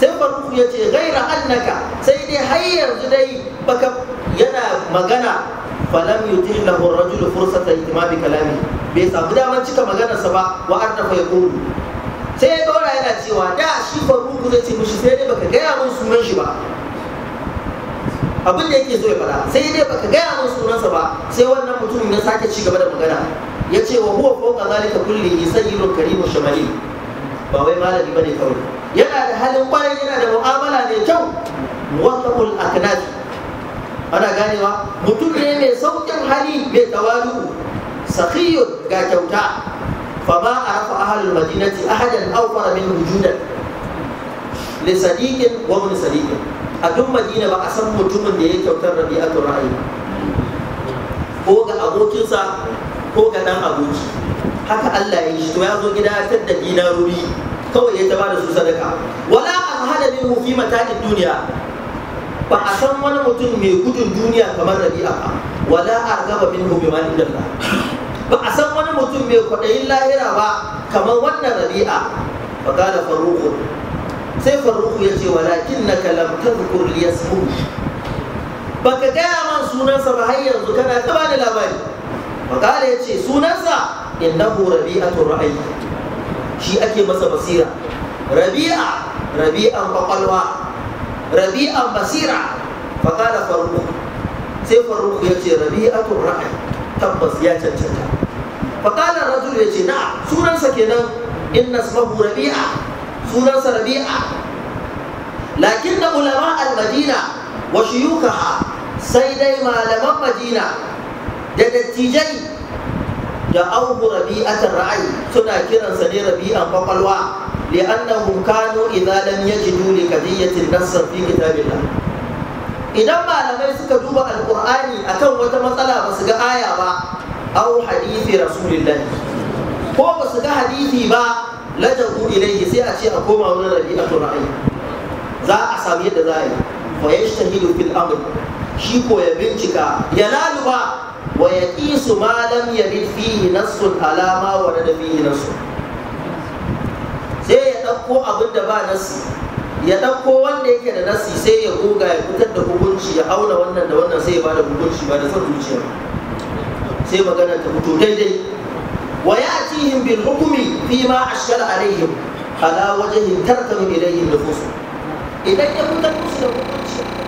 sai farruh yace gaira annaka sai dai har yanzu dai baka yana magana falam yutih lahu ar-rajulu fursata ihtimami kalami bai samu damar cika maganarsa ba wa arda fa sai ya yana cewa da shi faruku zai ce mishi sai dai baka gaya min sunan shi ba abin da yake so ya fara sai dai baka gaya min sunansa ba sai wannan mutumin ya sake ci gaba da magana ya ce wa huwa ka zalika kullihi sayyidun karimun shamali ba wai malami bane kawai yana da halin kwarai yana da mu'amala mai kyau muwaffaqul aknaf ana ganewa mutum ne mai saukin hali mai tawali'u sakhiyun ga kyauta فما أعرف أهل المدينة أحدا أوفر منه جودا لصديق وابن صديق أتم مدينة بأسم مجوم ديك يوتر ربيعة الرأي ko ga abokinsa ko ga dan aboki haka Allah ya yi shi to ya zo gida ya tadda dinarori kawai ya taba da su sadaka wala ahada minhu fi mata'id duniya ba a san wani mutum mai gudun duniya kamar Rabi'a ba wala argaba minhu bi malin Allah ba a san wani mutum mai kwaɗayin lahira ba kamar wannan rabi'a fa qala faruqu sai faruqu ya ce walakin na lam tadhkur li yasmu ka gaya man sunansa ba har yanzu kana ta bani labari fa qala ya ce sunansa innahu rabi'atu ra'ayi shi ake masa basira rabi'a rabi'an kwakwalwa rabi'an basira fa qala faruqu sai faruqu ya ce rabi'atu ra'ayi tabbas ya cancanta fakalar rajul ya ce na sunansa kenan in nasmahu rabi'a sunansa rabi'a lakin da ulama al-madina wa shuyukaha sai dai malaman madina da dattijai da auku rabi'atan ra'ayi suna kiransa ne rabi'an kwakwalwa li'annahum kanu idza lam yajidu li qadiyatin nassan fi kitabillah idan malamai suka duba alqur'ani akan wata matsala ba su ga aya ba au hadisi rasulillahi ko ba su ga hadisi ba lajabu ilaihi sai a ce a koma wani a ra'ayi za a sami yadda za a yi fa yashtahidu fil amr shi ko ya bincika ya ba wa ya yaqisu ma lam yalid fihi nassun alama wa rada fihi nassun sai ya ɗauko abin da ba nassi ya ɗauko wanda yake da nassi sai ya goga ya fitar da hukunci ya auna wannan da wannan sai ya ba da hukunci ba da son zuciya سيما قالت بتوجدي ويأتيهم بالحكم فيما أشكل عليهم على وجه ترتم إليه النفوس إذا يكون تنفسنا بكل شيء